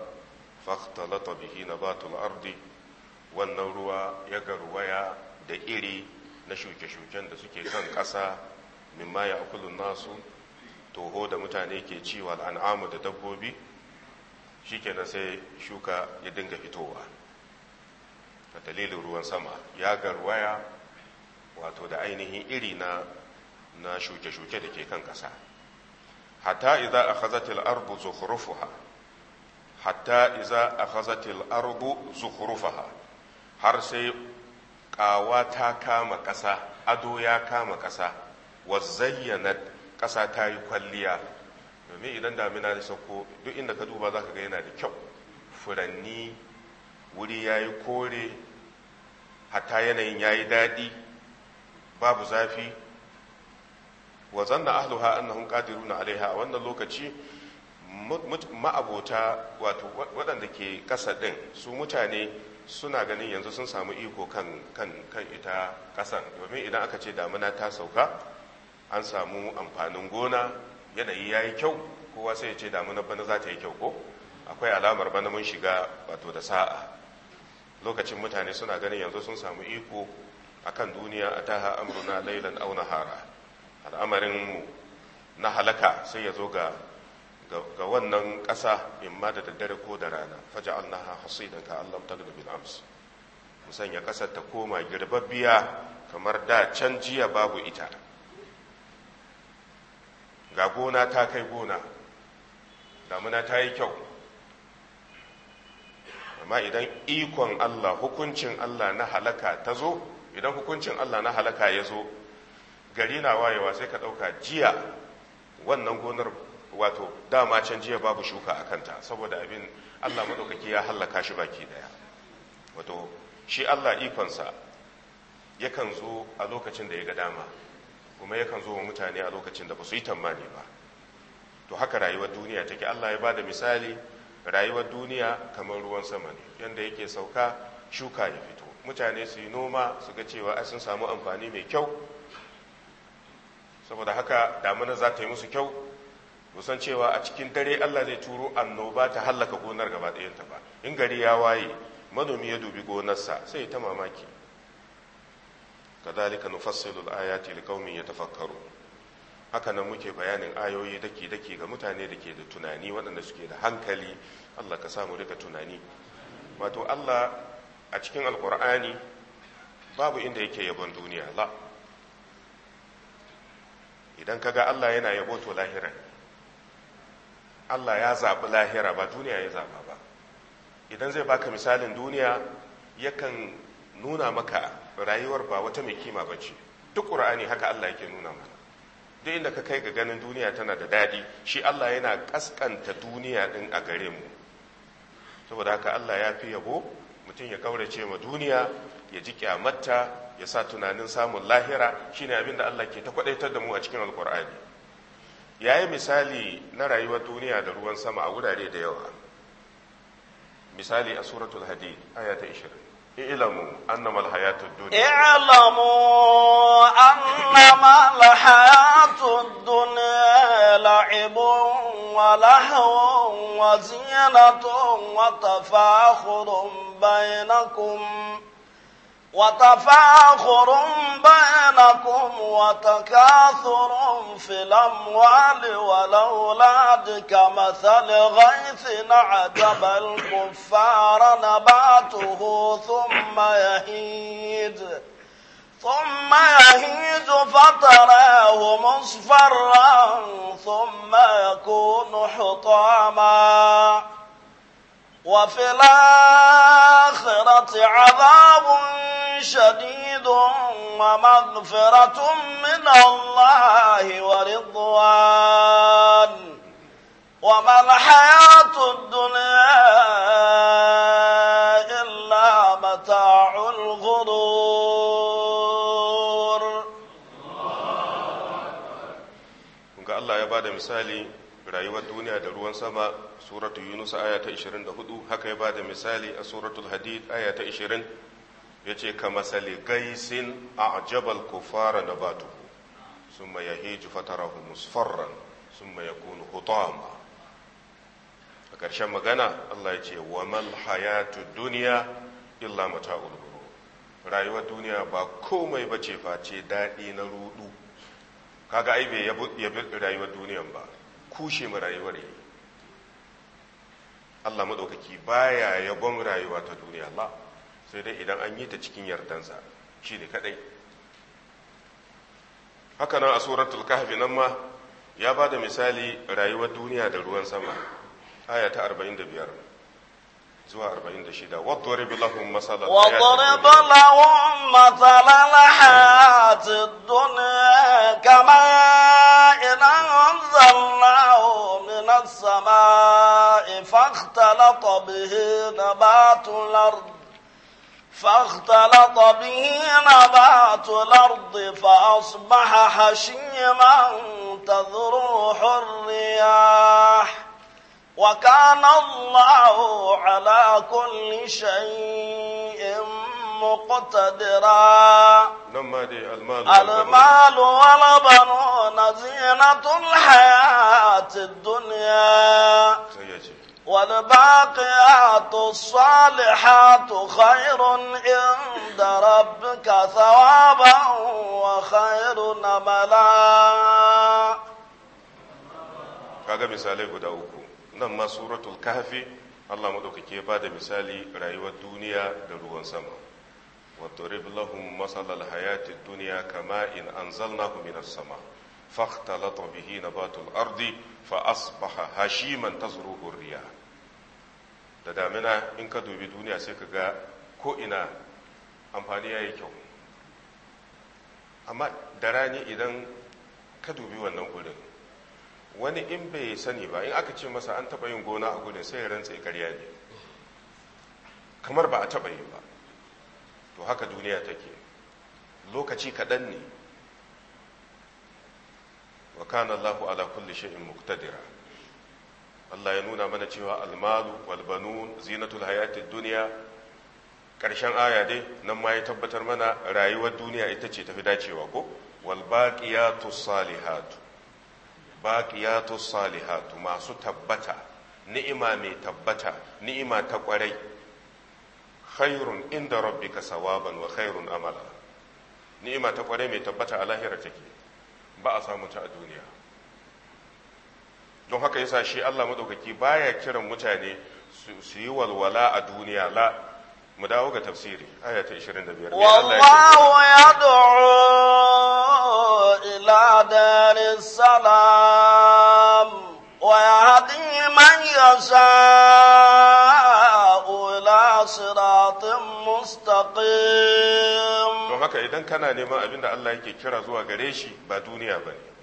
faktalata bihi na batul ardi wannan ruwa ya garwaya da iri na shuke-shuken da suke kan ƙasa mimma ya akulun nasu toho da mutane ke ciwa al'amu da dabbobi shikenan sai shuka ya dinga fitowa a dalilin ruwan sama ya garwaya wato da ainihin iri na na shuke-shuke da ke kan ƙasa hatta iza a khazatil arbu zukhrufuha hatta iza a khazatil arbu zukhrufaha har sai ƙawa ta kama ƙasa ado ya kama ƙasa wa ƙasa ta yi kwalliya domin idan damina da sauko duk inda ka duba za ka ga yana da kyau furanni wuri ya yi kore hata yanayin ya yi daɗi babu zafi wa zanna ahluha annahum qadiruna alaiha a wannan lokaci ma'abota wato waɗanda ke ƙasa ɗin su mutane suna ganin yanzu sun samu iko kan kan kan ita kasan domin idan aka ce damuna ta sauka an samu amfanin gona yanayi ya yi kyau kowa sai ya ce damuna bana za ta yi kyau ko akwai alamar bana mun shiga wato da sa'a lokacin mutane suna ganin yanzu sun samu iko a kan duniya a taha amruna lailan auna hara al'amarin na halaka sai ya zo ga ga wannan ƙasa in ma da daddare ko da rana faja allaha hasidan ka allam tagda bil ams mu sanya ƙasar ta koma girbabbiya kamar da can jiya babu ita ga gona ta kai gona damuna ta yi kyau amma idan ikon allah hukuncin allah na halaka ta zo idan hukuncin allah na halaka ya zo gari na wayewa sai ka ɗauka jiya wannan gonar wato dama can jiya babu shuka a kanta saboda abin allah maɗaukaki ya hallaka shi baki daya wato shi allah ikonsa yakan zo a lokacin da ya ga dama kuma yakan zo wa mutane a lokacin da ba su yi tambani ba to haka rayuwar duniya take allah ya bada misali rayuwar duniya kamar ruwan sama ne yadda yake sauka shuka ya fito mutane su yi noma su ga cewa sun samu amfani mai kyau saboda haka damana za ta yi musu kyau kusan cewa a cikin dare Allah zai turo annoba ta hallaka gonar gaba ɗayanta ba in gari ya waye manomi ya dubi gonarsa sai ya ta mamaki kadalika nufassilu al-ayati liqaumin yatafakkaru haka nan muke bayanin ayoyi dake dake ga mutane da ke da tunani waɗanda suke da hankali Allah ka samu rika tunani wato Allah a cikin alkur'ani babu inda yake yabon duniya la idan kaga Allah yana yabo to lahiran Allah ya zaɓi lahira ba duniya ya zaɓa ba idan zai baka misalin duniya yakan nuna maka rayuwar ba wata mai kima ba ce duk ƙur'ani haka Allah yake nuna mana duk inda ka kai ga ganin duniya tana da daɗi shi Allah yana ƙasƙanta duniya ɗin a gare mu saboda haka Allah ya fi yabo mutum ya ƙaurace ma duniya ya ji kyamatta ya sa tunanin samun lahira shine abin da Allah ke ta kwaɗaitar da mu a cikin alƙur'ani. ya yi misali na rayuwar duniya da ruwan sama a wurare da yawa misali a suratul hadid aya ta 20 اعلموا أنما الحياة الدنيا اعلموا أنما الحياة الدنيا لعب ولهو وزينة وتفاخر بينكم وتفاخر بينكم وتكاثر في الأموال والأولاد كمثل غيث نعجب الكفار نباته ثم يهيد ثم يهيج فتراه مصفرا ثم يكون حطاما وفي الآخرة عذاب شديد ومغفرة من الله ورضوان وما الحياة الدنيا إلا متاع الغرور. الله Allah الله bada misali rayuwar duniya da ruwan sama suratu yunus aya ta 24 haka ya bada misali a suratul hadid aya ta 20 yace ka masali gaisin a'jabal kufara nabatuhu summa yahiju fatarahu musfarran summa yakunu hutama a ƙarshen magana Allah ya ce wa mal hayatu duniya illa mata'ul rayuwar duniya ba komai bace face daɗi na rudu kaga ai bai yabi rayuwar duniyan ba kushe mu rayuwar yi Allah maɗaukaki baya yabon rayuwa ta duniya ba sai dai idan an yi ta cikin yardansa shi ne kaɗai haka nan a suratul kahfi nan ma ya ba da misali rayuwar duniya da ruwan sama aya ta 45 zuwa arba'in da shida waddore bilahun matsalar waddore bilahun matsalar hati duniya kama idan zannahu minas sama'i fakhtalata bihi nabatul ardh فاختلط به نبات الأرض فأصبح حشيما تذروح الرياح وكان الله على كل شيء مقتدرا المال, المال والبنون زينة الحياة الدنيا والباقيات الصالحات خير عند ربك ثوابا وخير نملا كذا مثالي قد أوكم nan ma suratul kahfi Allah madaukake ba da misali rayuwar duniya da ruwan sama wato lahum matsalar hayati duniya kama in anzalnahu minar sama batul ardi fa الأرض فأصبح hashiman تزروه riya. da damina in ka dubi duniya sai ka ga ko'ina amfani ya yi kyau amma da rani idan ka dubi wannan gurin wani in bai sani ba in aka ce masa an taɓa yin gona a gudun sai ya rantse karya ne kamar ba a taɓa yi ba to haka duniya take lokaci kaɗan ne wa kana Allahu ala kulli shay'in muqtadira Allah ya nuna mana cewa almalu wal banun zinatul hayatid dunya karshen aya dai nan ma ya tabbatar mana rayuwar duniya ita ce tafi dacewa ko wal baqiyatus salihatu albaqiyatu salihatu masu tabbata ni'ima mai tabbata ni'ima ta ƙwarai. khairun inda rabbika sawaban wa khairun amala ni'ima ta ƙwarai mai tabbata a lahira take ba a samu ta a duniya don haka yasa shi Allah madaukaki baya kiran mutane su yi walwala a duniya la mu dawo ga tafsiri aya ta 25 wallahu yad'u إلى دار السلام ويهدي من يشاء إلى صراط مستقيم don haka idan kana neman abin da Allah yake kira zuwa gare shi ba duniya ba ne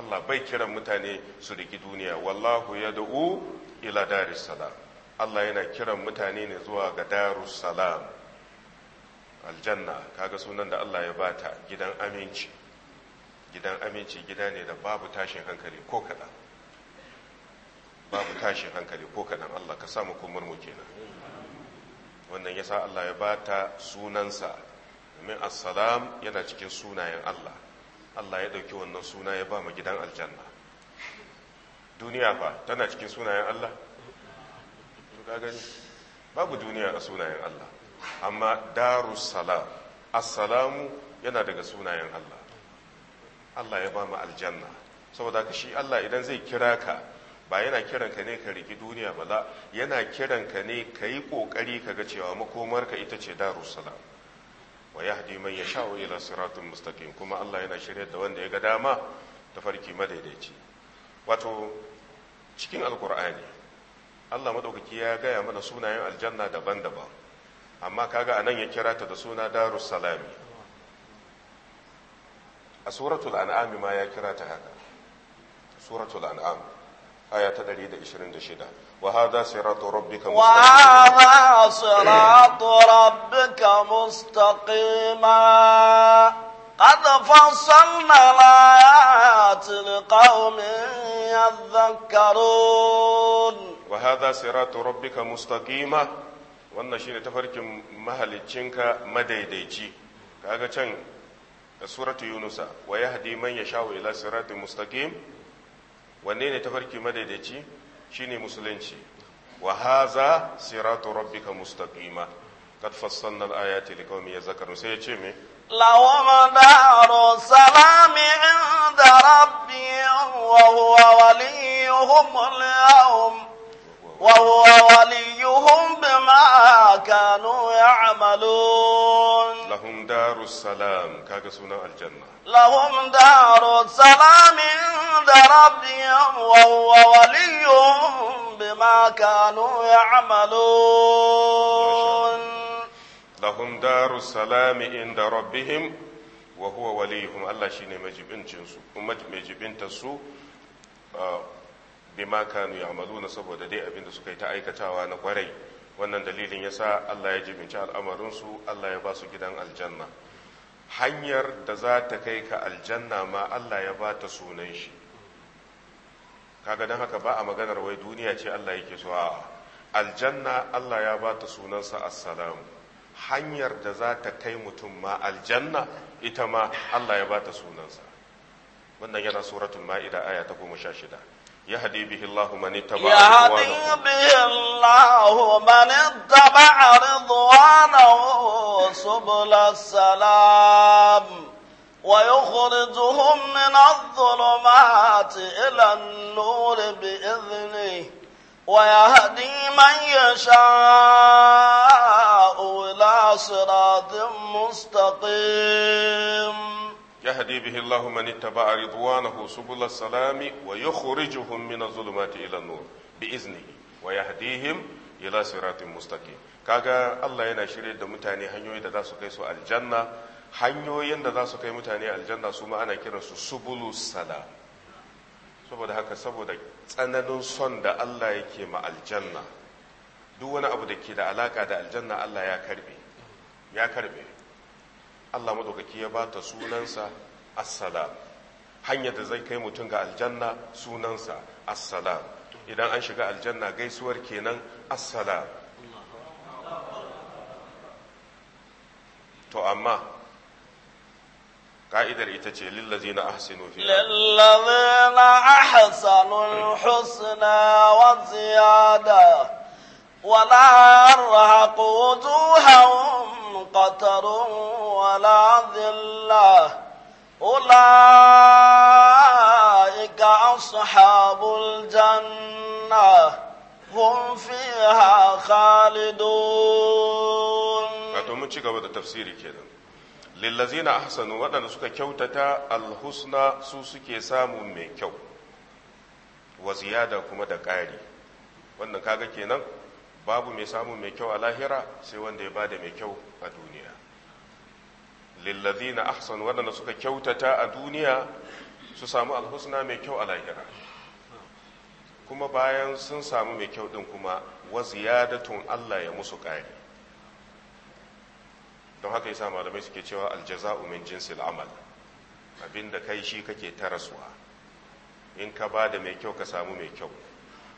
Allah bai kiran mutane su riki duniya wallahu ya da'u ila daris salam Allah yana kiran mutane ne zuwa ga darus salam aljanna kaga sunan da Allah ya bata gidan aminci gidan aminci gida ne da babu tashin hankali ko kaɗan babu tashin hankali ko kaɗan Allah ka samu kumar mu kenan wannan yasa Allah ya bata sunansa domin assalam yana cikin sunayen Allah Allah ya ɗauki wannan suna ya ba mu gidan aljanna duniya fa tana cikin sunayen Allah babu duniya a sunayen Allah amma darussalam assalamu yana daga sunayen Allah Allah ya ba mu aljanna saboda ka shi Allah idan zai kira ka ba yana kiran ka ne ka riki duniya ba za? yana kiran ka ne ka yi kokari ka ga cewa makomarka ita ce darussalam wa hadi man yasha'u ila siratun mustaqim kuma Allah yana shirya da wanda ya ga dama ta farki madaidaici wato cikin alkur'ani Allah madaukaki ya gaya mana sunayen aljanna daban-daban amma kaga anan ya kira ta da suna darussalami a suratul an'am ma ya kira ta haka suratul an'am aya ta 126 wa hadha siratu rabbika mustaqim wa hadha siratu rabbika mustaqima قد فصلنا الآيات لقوم يذكرون وهذا صراط ربك مستقيما wannan shine tafarkin mahaliccinka madaidaici kaga can surati yunusa wa ya hadi man ya shawo ila sirati mustaqim wanne ne tafarki madaidaici shine musulunci wa haza siratu rabbika mustaqima kad fassalna al-ayati liqawmi yazakkarun sai yace me lawama daru salami inda rabbi wa huwa waliyuhum al-yawm وهو وليهم بما كانوا يعملون لهم دار السلام كاغسونا الجنة لهم دار السلام عند ربهم وهو وليهم بما كانوا يعملون lahum daru salami inda rabbihim wa huwa waliyuhum Allah shine majibincinsu majibinta su bima kanu ya'maluna saboda dai abin da suka yi ta aikatawa na kwarai wannan dalilin yasa Allah ya jibinci al'amarinsu Allah ya ba su gidan aljanna hanyar da za ta kai ka aljanna ma Allah ya ba ta sunan shi kaga don haka ba a maganar wai duniya ce Allah yake so a aljanna Allah ya ba ta sunansa assalam hanyar da za ta kai mutum ma aljanna ita ma Allah ya ba ta sunansa wannan yana suratul ma'ida aya ta goma sha shida يهدي به الله من اتبع يهدي به الله من اتبع رضوانه سبل السلام ويخرجهم من الظلمات إلى النور بإذنه ويهدي من يشاء إلى صراط مستقيم يهدي به الله من اتبع رضوانه سبل السلام ويخرجهم من الظلمات إلى النور بإذنه ويهديهم إلى صراط مستقيم كاغا الله yana shirye da mutane hanyoyi da za su kai su aljanna hanyoyin da za su kai mutane aljanna su ma ana kiransu subulu salam saboda haka saboda tsananin son da Allah yake ma aljanna duk wani abu da ke da alaka da aljanna Allah ya karbe ya karbe Allah madaukaki ya bata sunansa assalam hanyar da zai kai mutum ga aljanna sunansa assalam idan an shiga aljanna gaisuwar kenan assalam to amma ka'idar ita ce lillazina ahsinu fi lillazina ahsanu husna wa ziyada ولا أرهق وجوههم قتر ولا ذلة أولئك أصحاب الجنة هم فيها خالدون wato mun ci gaba da tafsiri kenan lillazina ahsanu waɗanda suka kyautata alhusna su suke samu mai kyau wa ziyada kuma da ƙari wannan kaga kenan babu mai samu mai kyau a lahira sai wanda ya bada mai kyau a duniya lillazina ahsan waɗanda suka kyautata a duniya su samu alhusna mai kyau a lahira kuma bayan sun samu mai kyau ɗin kuma wa ziyadatun Allah ya musu ƙari don haka yasa malamai suke cewa aljaza'u min jinsil amal abinda kai shi kake rasuwa in ka ba da mai kyau ka samu mai kyau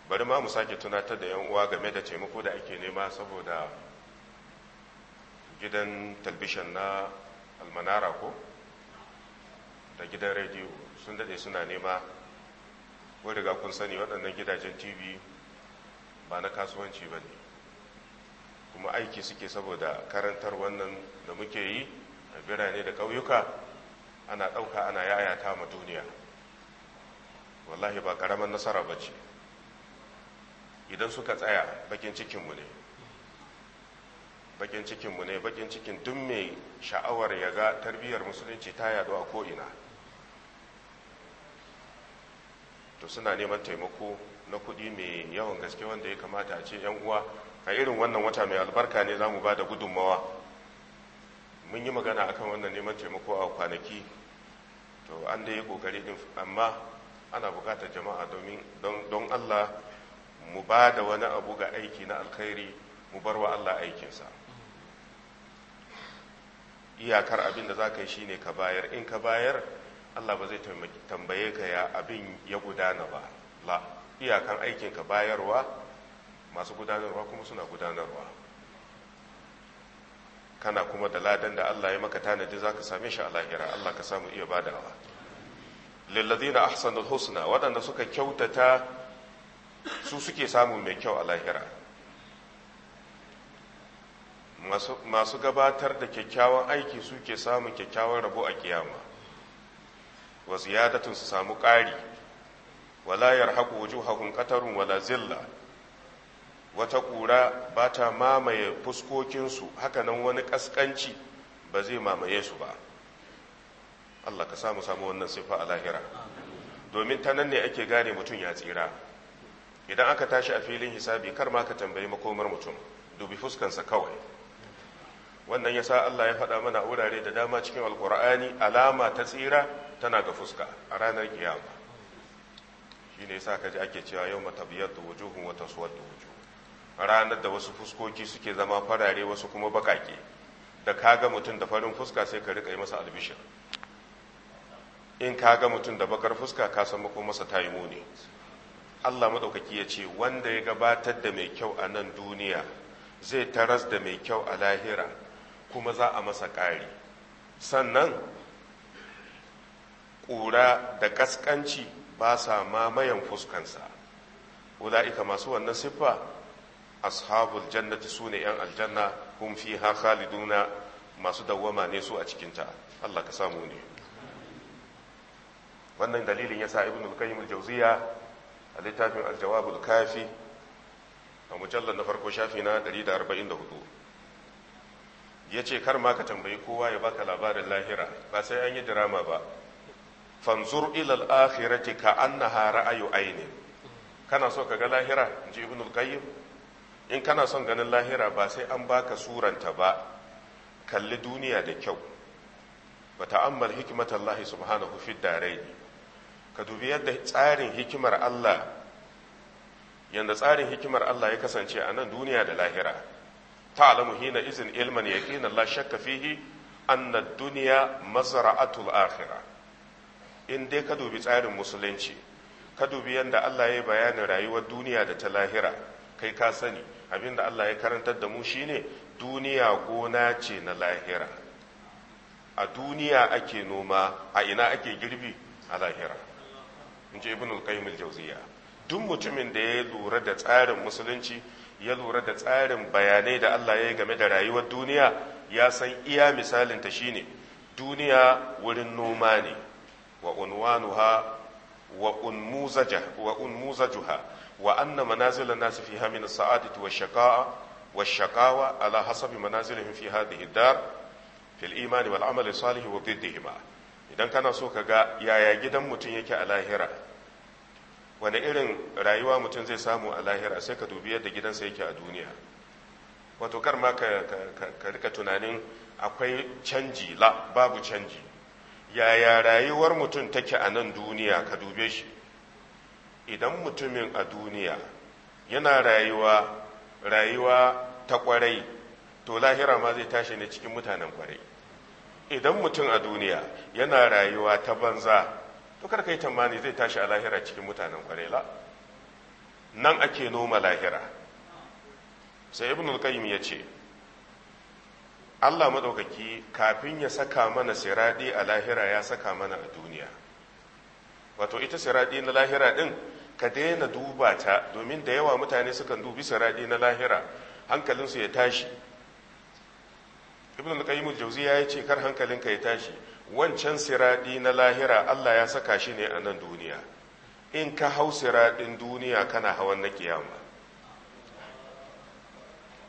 bari ma mu sake tunatar da 'yan uwa game da taimako da ake nema saboda gidan talbishin na almanara ko da gidan rediyo sun daɗe suna nema wani ga kun sani waɗannan gidajen tv ba na kasuwanci ba ne kuma aiki suke saboda karantar wannan da muke yi a birane da ƙauyuka ana ɗauka ana yayata ma duniya wallahi ba ƙaramin nasara ba ce idan suka tsaya bakin cikinmu ne bakin cikinmu ne bakin cikin duk mai sha'awar ya ga tarbiyyar musulunci ta yadu a ko'ina to suna neman taimako na kuɗi mai yawan gaske wanda ya kamata a ce 'yan uwa a irin wannan wata mai albarka ne za mu ba da gudunmawa mun yi magana akan wannan neman taimako a kwanaki to an da ya ƙoƙari din amma ana bukatar jama'a don allah mu ba da wani abu ga aiki na alkhairi mu bar wa Allah aikinsa iyakar abin da za ka yi shi ne ka bayar in ka bayar Allah ba zai tambaye ka ya abin ya gudana ba la iyakan aikinka bayarwa masu gudanarwa kuma suna gudanarwa kana kuma da ladan da Allah ya maka tanadi za ka same shi a lahira Allah ka samu iya badawa lillazina ahsanul husna waɗanda suka kyautata su suke samu mai kyau a lahira masu gabatar da kyakkyawan aiki suke samun kyakkyawan rabo a kiyama wa ziyadatun su samu ƙari wala wajen wujuhahum ƙatarun wala zilla wata ƙura ba ta mamaye fuskokinsu hakanan wani ƙasƙanci ba zai mamaye su ba Allah ka samu samu wannan siffa a lahira domin ta nan ne ake gane mutum ya tsira idan aka tashi a filin hisabi kar ma ka tambayi makomar mutum dubi fuskansa kawai wannan ya sa Allah ya faɗa mana wurare da dama cikin alkur'ani alama ta tsira tana ga fuska a ranar kiyama shi ne sa ka ji ake cewa yau matabiyar da wujuhun wata suwar da wuju ranar da wasu fuskoki suke zama farare wasu kuma bakake da ka ga mutum da farin fuska sai ka riƙa yi masa albishir in ka ga mutum da bakar fuska ka san mako masa tayi muni Allah maɗaukaki ya ce wanda ya gabatar da mai kyau a nan duniya zai taras da mai kyau a lahira kuma za a masa ƙari sannan ƙura da ƙasƙanci ba sa mamayan fuskansa ula'ika masu wannan siffa ashabul jannati su ne 'yan aljanna fi ha khaliduna masu dawwama ne su a cikinta Allah ka samu ne wannan dalilin yasa ibnu al-qayyim al-jawziya a littafin aljawabul kafi a mujallar na farko shafi na 144 ya ce kar ma ka tambayi kowa ya baka labarin lahira ba sai an yi dirama ba fanzur ilal akhirati ka annaha ra'ayu aini kana so ka ga lahira ji ibnul qayyim in kana son ganin lahira ba sai an baka suranta ba kalli duniya da kyau ba ta'ammal hikmatallahi subhanahu fid daraini ka dubi yadda tsarin hikimar Allah yadda tsarin hikimar Allah ya kasance a nan duniya da lahira alamu hina izin ilman kina la shakka fihi anna duniya mazra'atul akhirah in dai ka dubi tsarin musulunci ka dubi yadda Allah ya bayanin rayuwar duniya da ta lahira kai ka sani abinda Allah ya karantar da mu shine duniya gona ce na lahira a duniya ake noma a ina ake girbi a lahira in ji ibn al duk mutumin da ya lura da tsarin musulunci ya lura da tsarin bayanai da Allah ya yi game da rayuwar duniya ya san iya misalinta shine duniya wurin noma ne wa unwanuha wa unmuzajuha wa anna manazilan nasu fiha min as-sa'adati wash-shaqa'a wash ala hasabi manazilihim fi hadhihi ad-dar في الإيمان والعمل الصالح وضدهما idan kana so ka ga yaya gidan mutum yake a lahira wani irin rayuwa mutum zai samu a lahira sai ka dubi yadda gidansa yake a duniya wato kar ma ka rika tunanin akwai canji la babu canji yaya rayuwar mutum take a nan duniya ka dube shi idan mutumin a duniya yana rayuwa rayuwa ta kwarai to lahira ma zai tashi ne cikin mutanen kwarai idan mutum a duniya yana rayuwa ta banza to kar yi tamani zai tashi a lahira cikin mutanen kwarela nan ake noma lahira sai ibn al-qayyim ya ce Allah madaukaki kafin ya saka mana siradi a lahira ya saka mana a duniya wato ita siradi na lahira ɗin ka daina duba ta domin da yawa mutane sukan dubi siradi na lahira hankalinsu ya tashi ibn al-qayyim al-jawziya ya ce kar hankalinka ya tashi wancan siradi na lahira Allah ya saka shi ne a nan duniya in ka hau siradin duniya kana hawan na kiyama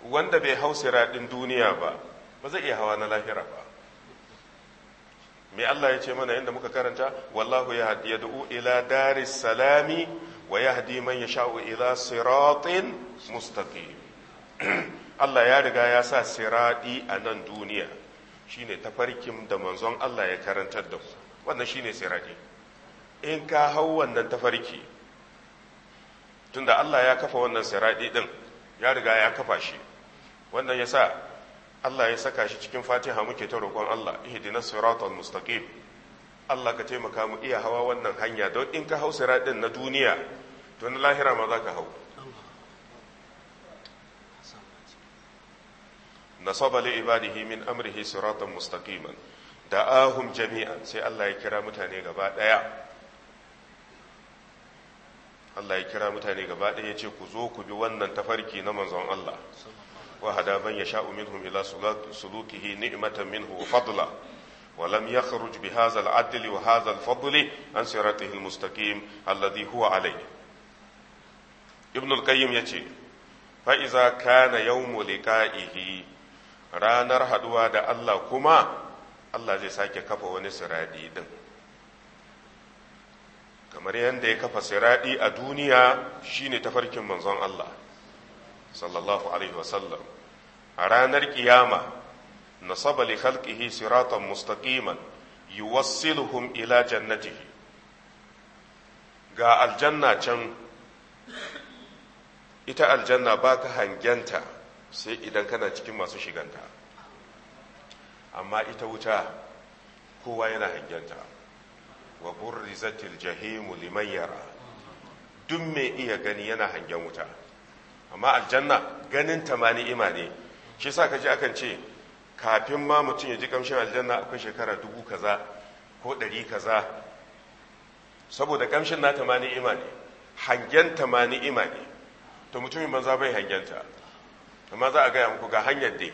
wanda bai hau siradin duniya ba ba zai iya hawa na lahira ba me Allah ya ce mana inda muka karanta wallahu ya yad'u ila daris salami wa yahdi man yasha'u ila siratin mustaqim <clears throat> Allah ya riga ya sa siradi a nan duniya shi ta tafarkin da manzon Allah ya karantar da mu wannan ne siradi in ka hau wannan tafarki tunda Allah ya kafa wannan siradi din ya riga ya kafa shi wannan ya sa Allah ya saka shi cikin Fatiha muke ta roƙon Allah ihdinas siratal mustaqim Allah ka taimaka mu iya hawa wannan hanya don in ka hau siradin na duniya to na lahira ma za ka hau nasaba li ibadihi min amrihi siratan mustaqiman da'ahum jami'an sai Allah ya kira mutane gaba daya Allah ya kira mutane gaba daya yace ku zo ku bi wannan tafarki na manzon Allah wa hada man yasha'u minhum ila minhu fadla ولم يخرج بهذا العدل وهذا الفضل عن صراطه المستقيم الذي هو عليه ابن القيم يتي فإذا كان يوم لقائه ranar haduwa da Allah kuma Allah zai sake kafa wani siradi din kamar yadda ya kafa siradi a duniya shine tafarkin manzon Allah sallallahu alaihi wasallam a ranar kiyama nasaba li khalqihi siratan mustaqiman yuwassiluhum ila jannatihi ga aljanna can ita aljanna baka hangenta sai idan kana cikin masu shiganta amma ita wuta kowa yana hangenta wa burrizatil jahimu liman yara duk mai iya gani yana hangen wuta amma aljanna ganin tamani ima ne shi sa kaji akan ce kafin ma mutum ya ji kamshin aljanna akwai shekara dubu kaza ko ɗari kaza saboda kamshin na tamani ima ne hangen tamani ima ne to mutumin banza bai hangenta amma za a gaya muku ga hanyar dai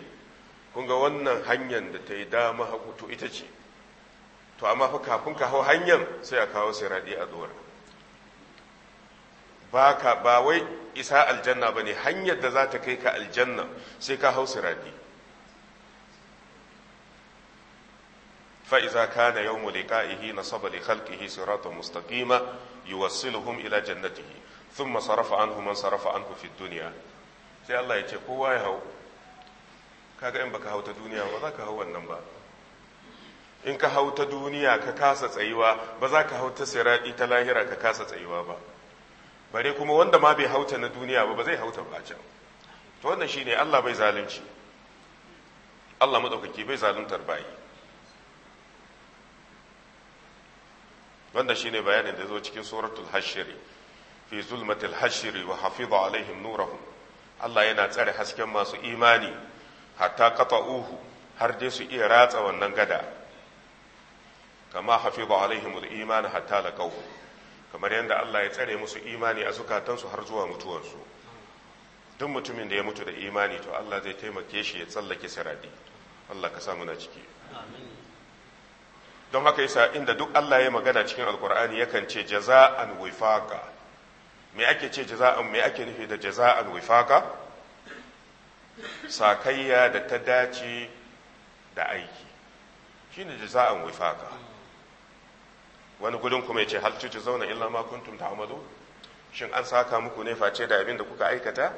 kun ga wannan hanyar da ta yi dama hagu ita ce to amma fa kafin ka hau hanyar sai a kawo siradi a zuwa ba ka ba wai isa aljanna ba ne hanyar da za ta kai ka aljanna sai ka hau siradi فإذا كان يوم لقائه نصب لخلقه صراطا مستقيما يوصلهم إلى جنته ثم صرف عنه من صرف عنه في الدنيا sai Allah ya ce kowa ya hau kaga in baka hau ta duniya ba za ka hau wannan ba in ka hau ta duniya ka kasa tsayuwa ba za ka hau ta siradi ta lahira ka kasa tsayuwa ba bare kuma wanda ma bai hauta na duniya ba ba zai hauta ba can to wannan shine Allah bai zalunci Allah madaukaki bai zaluntar bayi Wanda shine bayanin da ya zo cikin suratul hashri fi zulmatil hashri wa hafiza alaihim nurahum Allah yana tsare hasken masu imani hatta kafa uhu har dai su iya ratsa wannan gada kama hafizu alaihimul imani hatta laqaw kamar yadda Allah ya tsare musu imani a zukatansu har zuwa mutuwansu duk mutumin da ya mutu da imani to Allah zai taimake shi ya tsallake saradi Allah ka samu na ciki don haka yasa inda duk Allah ya magana cikin alkur'ani yakan ce jaza'an wifaqa me ake ce jaza'an me ake nufi da jaza'an wifaka sakayya da ta dace da aiki ne jaza'an wifaka wani gudun kuma yace hal tuju zauna illa ma kuntum Amadu? shin an saka muku ne face da abin da kuka aikata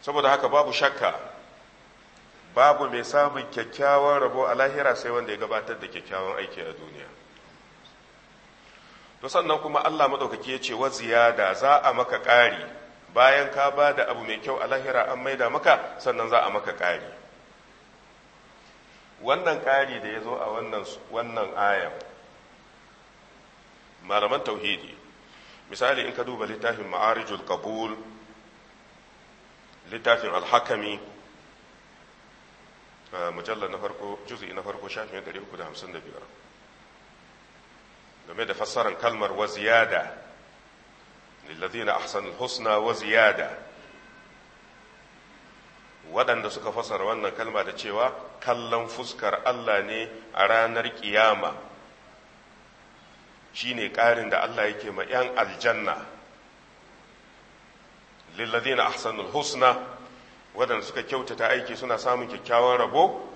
saboda haka babu shakka babu mai samun kyakkyawan rabo a lahira sai wanda ya gabatar da kyakkyawan aiki a duniya to sannan kuma Allah madaukaki ya ce wa ziyada za a maka ƙari bayan ka ba da abu mai kyau a lahira an maida maka sannan za a maka ƙari wannan ƙari da ya zo a wannan wannan ayan malaman tauhidi misali in ka duba littafin ma'arijul qabul littafin alhakami mujallar na farko juzi na farko shafin 355 game da fassarar kalmar wa ziyada lillazina ahsanul husna wa ziyada waɗanda suka fassara wannan kalma da cewa kallon fuskar Allah ne a ranar kiyama shine ƙarin da Allah yake ma 'yan aljanna lillazina ahsanul husna waɗanda suka kyautata aiki suna samun kyakkyawan rabo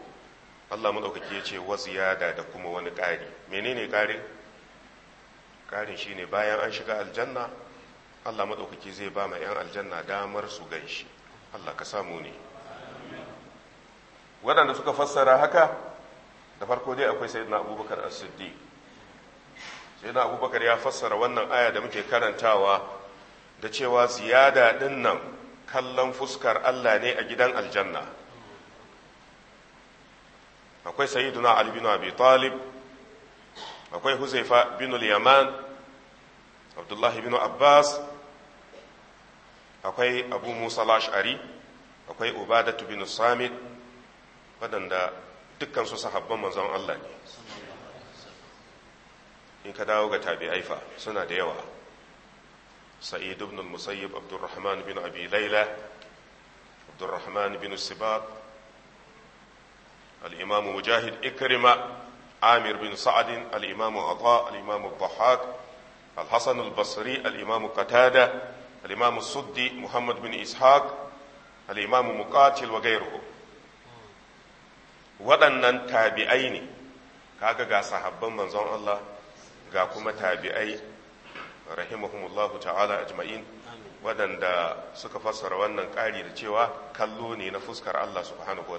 Allah maɗaukaki ya ce wa ziyada da kuma wani ƙari menene ƙarin ƙarin shi ne bayan an shiga aljanna allah maɗaukaki zai ba ma 'yan aljanna damar su gan shi allah ka samu ne waɗanda suka fassara haka da farko dai akwai sayyidina abubakar as-siddiq sayyidina abubakar ya fassara wannan aya da muke karantawa da cewa ziyada ɗin nan kallon fuskar allah ne a gidan aljanna akwai sayyiduna ali bin abi talib akwai huzaifa bin yaman abdullahi bin abbas akwai abu musa lashari akwai ubadatu bin samit waɗanda dukkansu sahabban manzon allah ne in ka dawo ga tabi'aifa suna da yawa sa'id ibn al-musayyib abdurrahman bin abi laila abdurrahman bin sibat al-imam mujahid ikrima amir bin sa'adin al'imamu ata al'imamu bahak al al-basri al'imamu katada al'imamu suddi muhammad bin ishaq al'imamu muqatil wa gairuhu waɗannan tabi'ai ne kaga ga sahabban manzon Allah ga kuma tabi'ai rahimahumullahu ta'ala ajma'in waɗanda suka fassara wannan ƙari da cewa kallo ne na fuskar Allah subhanahu wa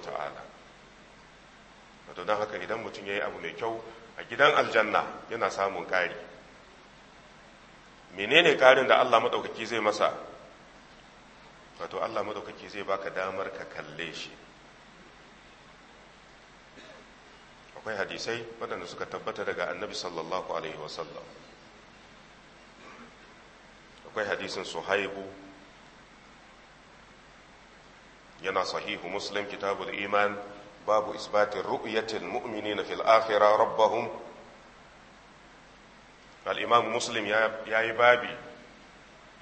wato don haka idan mutum ya yi abu mai kyau a gidan aljanna yana samun ƙari menene ƙarin da allah maɗaukaki zai masa wato allah maɗaukaki zai baka damar ka kalle shi akwai hadisai waɗanda suka tabbata daga annabi sallallahu alaihi wasallam akwai hadisin suhaibu yana sahihu muslim kitabul iman babu isbatin ru'yatil mu'minina fil akhirah rabbahum al-imam muslim ya yi babi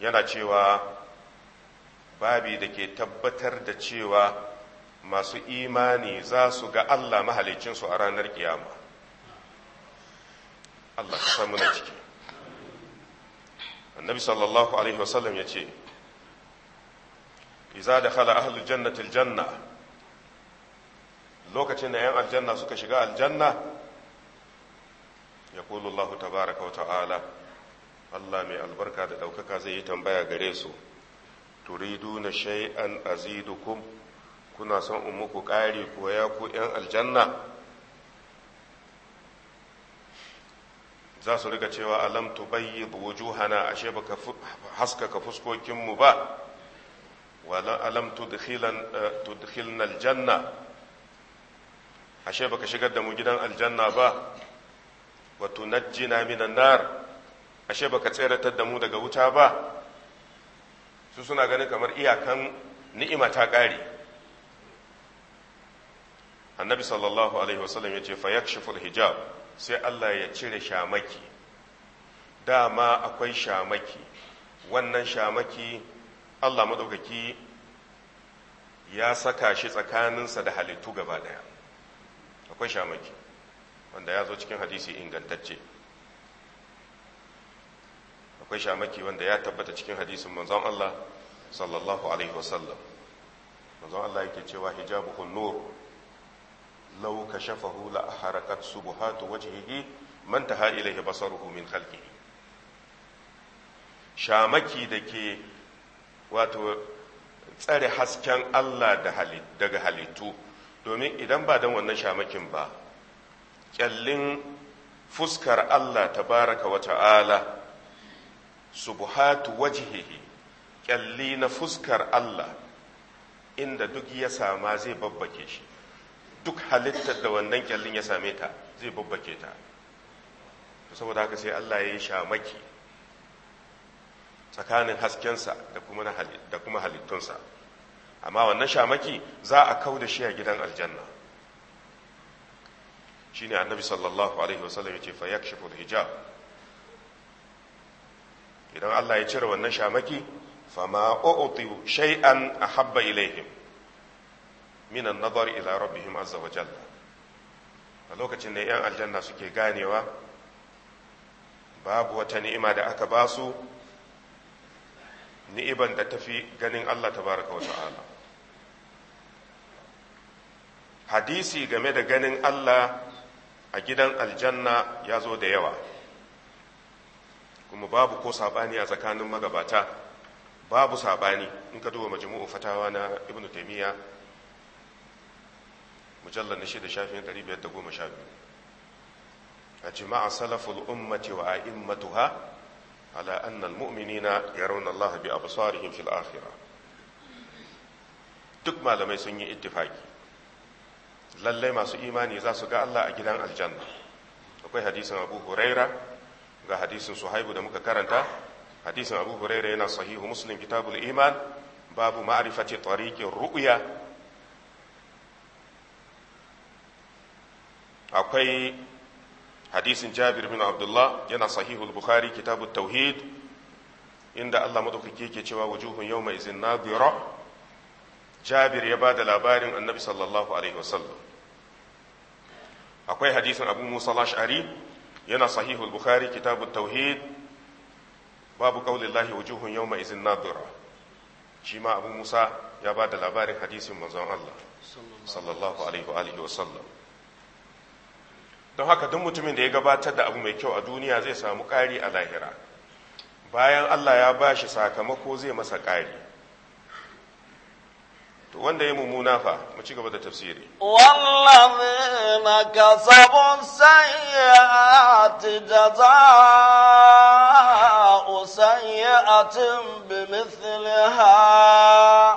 yana cewa babi da ke tabbatar da cewa masu imani za su ga Allah mahalicinsu a ranar ƙiyama. Allah ka samu na ciki annabi sallallahu alaihi wasallam ya ce iza da khala ahlul jannati aljanna lokacin da 'yan aljanna suka shiga aljanna ya Allah tabaraka wa ta'ala Allah mai albarka da ɗaukaka zai yi tambaya gare su turidu na shay'an azidukum kuna son umuku muku ƙari kuwa ya ku 'yan aljanna za su riga cewa alam tubayyi wujuhana ashe baka haskaka fuskokinmu ba wala alam eh, tudkhilna aljanna ashe baka shigar da mu gidan aljanna ba wa tunajjina minan nar ashe baka tseratar da mu daga wuta ba su suna ganin kamar iyakan ni'ima ta kare. annabi sallallahu alaihi wasallam ya ce fayakshiful hijab sai Allah ya cire shamaki dama akwai shamaki wannan shamaki Allah maɗaukaki ya saka shi tsakaninsa da halittu gaba ɗaya akwai shamaki wanda ya zo cikin hadisi ingantacce akwai shamaki wanda ya tabbata cikin hadisin manzon Allah sallallahu alaihi wasallam manzon Allah yake cewa hijabuhu nur law kashafahu la harakat subuhatu wajhihi man taha ilayhi basaruhu min khalqihi shamaki dake wato tsare hasken Allah daga halittu domin idan ba don wannan shamakin ba ƙyallin fuskar Allah tabaraka wa ta'ala subuhatu wajihihi ƙyalli na fuskar Allah inda duk ya sama zai babbake shi duk halittar da wannan kyallin ya same ta zai babbake ta saboda haka sai Allah ya yi shamaki tsakanin haskensa da kuma halittunsa amma wannan shamaki za a kau da shi a gidan aljanna shine annabi sallallahu alaihi wasallam ya ce fa yakshifu hijab idan Allah ya cire wannan shamaki fama u'tiu shay'an ahabba ilaihim min an-nazar ila rabbihim azza wa jalla a lokacin da yan aljanna suke ganewa babu wata ni'ima da aka basu ni'iban da tafi ganin Allah tabaraka wa ta'ala hadisi game da ganin Allah a gidan aljanna ya zo da yawa kuma babu ko sabani a tsakanin magabata babu sabani in ka duba majmu'u fatawa na ibn taymiya mujallar na shida shafin 512 a jima'a salaful ummati wa a'immatuha ala anna almu'minina yarawna Allah bi absarihim fil akhirah duk malamai sun yi ittifaki lallai masu imani za su ga Allah a gidan aljanna akwai hadisin abu huraira ga hadisin suhaibu da muka karanta hadisin abu huraira yana sahihu muslim kitabul iman babu ma'rifati tariqin ru'ya akwai hadisin jabir bin abdullah yana sahihu bukhari kitabut tauhid inda Allah madaukake yake cewa wujuhun yawma izin nadira jabir ya ba da labarin annabi sallallahu alaihi wasallam akwai hadisin abu musa lash'ari yana sahihul bukhari kitabu tauhid babu kaulillahi wujuhun yawma izin nadira shi ma abu musa ya ba da labarin hadisin manzon sallallahu alaihi wa sallam don haka duk mutumin da ya gabatar da abu mai kyau a duniya zai samu ƙari a lahira bayan Allah ya ba shi sakamako zai masa ƙari to wanda ya mummuna fa mu ci gaba da tafsiri wallazina kasabu sayyi'ati jazaa'u bi mithliha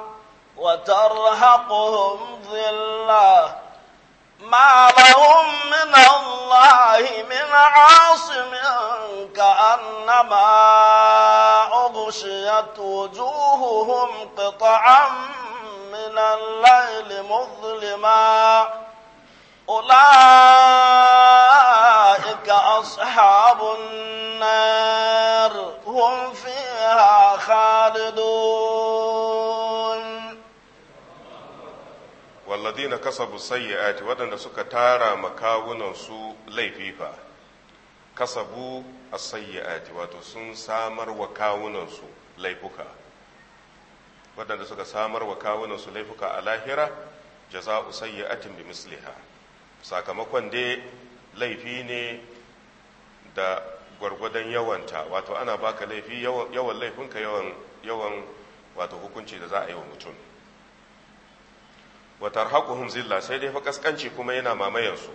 wa tarhaquhum dhilla ma lahum min من min من ka annama ubshiyat wujuhuhum qita'an من الليل مظلما أولئك أصحاب النار هم فيها خالدون والذين كسبوا السيئات ودن سكتارا مكاونا سوء ليفيفا kasabu a sayyi'ati wato sun samar wa kawunansu laifuka waɗanda suka samar wa kawunan su laifuka a lahira jaza'u sayyi'atin bi misliha sakamakon dai laifi ne da gwargwadon yawanta wato ana baka laifi yawan laifinka yawan yawan wato hukunci da za a yi wa mutum wa tarhaquhum zilla sai dai fa kaskanci kuma yana mamayensu. su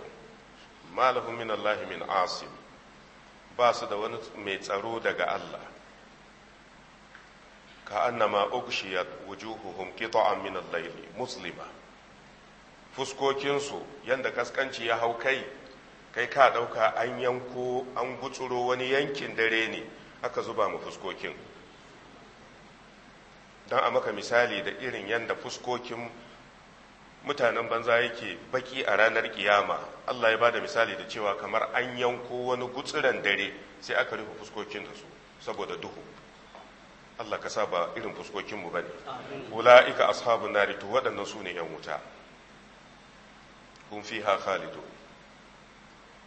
malahum min min asim ba su da wani mai tsaro daga Allah ka annama ugshiyat wujuhuhum qita'an min al layl muslima fuskokinsu yanda kaskanci ya hau kai kai ka dauka an yanko an gutsuro wani yankin dare ne aka zuba mu fuskokin dan a maka misali da irin yanda fuskokin mutanen banza yake baki a ranar kiyama Allah ya bada misali da cewa kamar an yanko wani gutsuran dare sai aka rufe fuskokin da su saboda duhu Allah ka ba irin fuskokin mu ne ulaika ashabun nari to waɗannan su ne yan wuta kun ha khalidu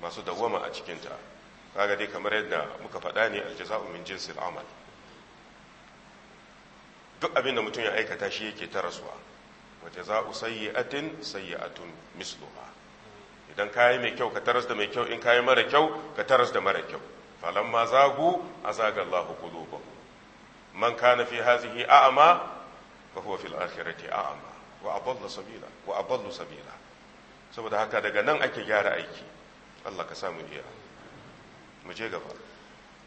masu dawwama a cikin ta kaga dai kamar yadda muka faɗa ne aljaza'u min jinsil amal duk abin da mutum ya aikata shi yake ta rasuwa wa jaza'u sayyi'atin sayyi'atun misluha idan kayi mai kyau ka taras da mai kyau in kayi mara kyau ka taras da mara kyau falamma zagu a zagalahu qulubahum man kana fi hazihi a'ama fa huwa fil akhirati a'ama wa adalla sabila wa saboda haka daga nan ake gyara aiki Allah ka samu iya mu je gaba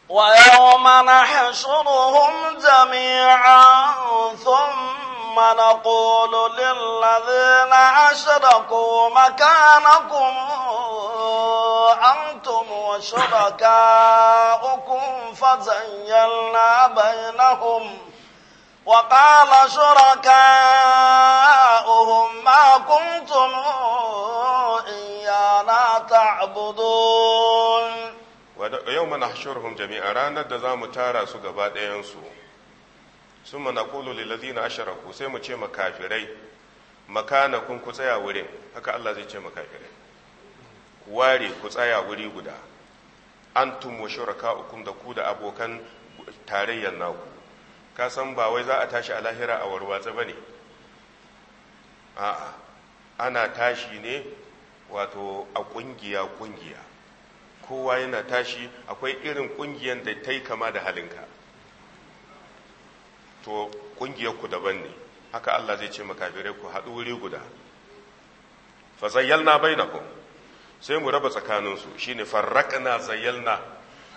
wa yawma nahshuruhum jami'an thumma ثم نقول للذين أشركوا مكانكم أنتم وشركاؤكم فزيلنا بينهم وقال شركاؤهم ما كنتم إيانا تعبدون ويوم نحشرهم جميعا رانا دزام تارا سقبات أينسو summa naqulu lil ladina ashraku sai mu ce makafirai makana kun ku tsaya wurin haka Allah zai ce makafirai ku ware ku tsaya wuri guda An mu shuraka shurakaukum da ku da abokan tarayyar naku ka san ba wai za a tashi a lahira a warwatsa ne. a'a ana tashi ne wato a ƙungiya-ƙungiya. kowa yana tashi akwai irin ƙungiyar da ta yi kama da halinka to kungiyar ku daban ne haka Allah zai ce makafirai ku haɗu wuri guda fa zayyalna bainakum sai mu raba tsakaninsu shine farraqna zayyalna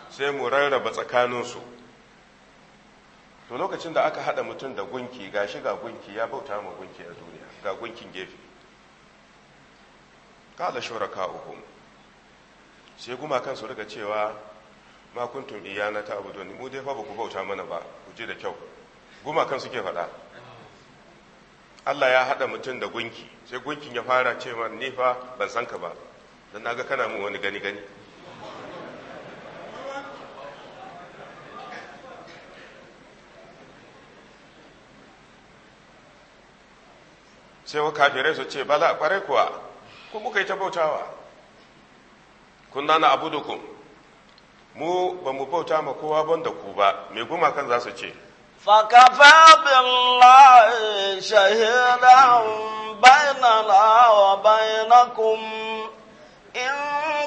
sai mu rarraba tsakaninsu to lokacin da aka hada mutum da gunki gashi ga gunki ya bauta ma gunki a duniya ga gunkin gefe kala uhum sai gumakan su daga cewa ma kuntum iyana ta ni mu dai fa ba ku bauta mana ba ku je da kyau gumakan suke faɗa Allah ya haɗa mutum da gunki sai gunkin ya fara ce ma ni fa ban san ka ba don naga kana mun wani gani gani sai wa kafirai su ce bala kwarai kuwa ku muka yi ta bautawa kunna na abu mu ba mu bauta ma kowa ban da ku ba mai gumakan za su ce فكفى بالله شهيدا بيننا وبينكم إن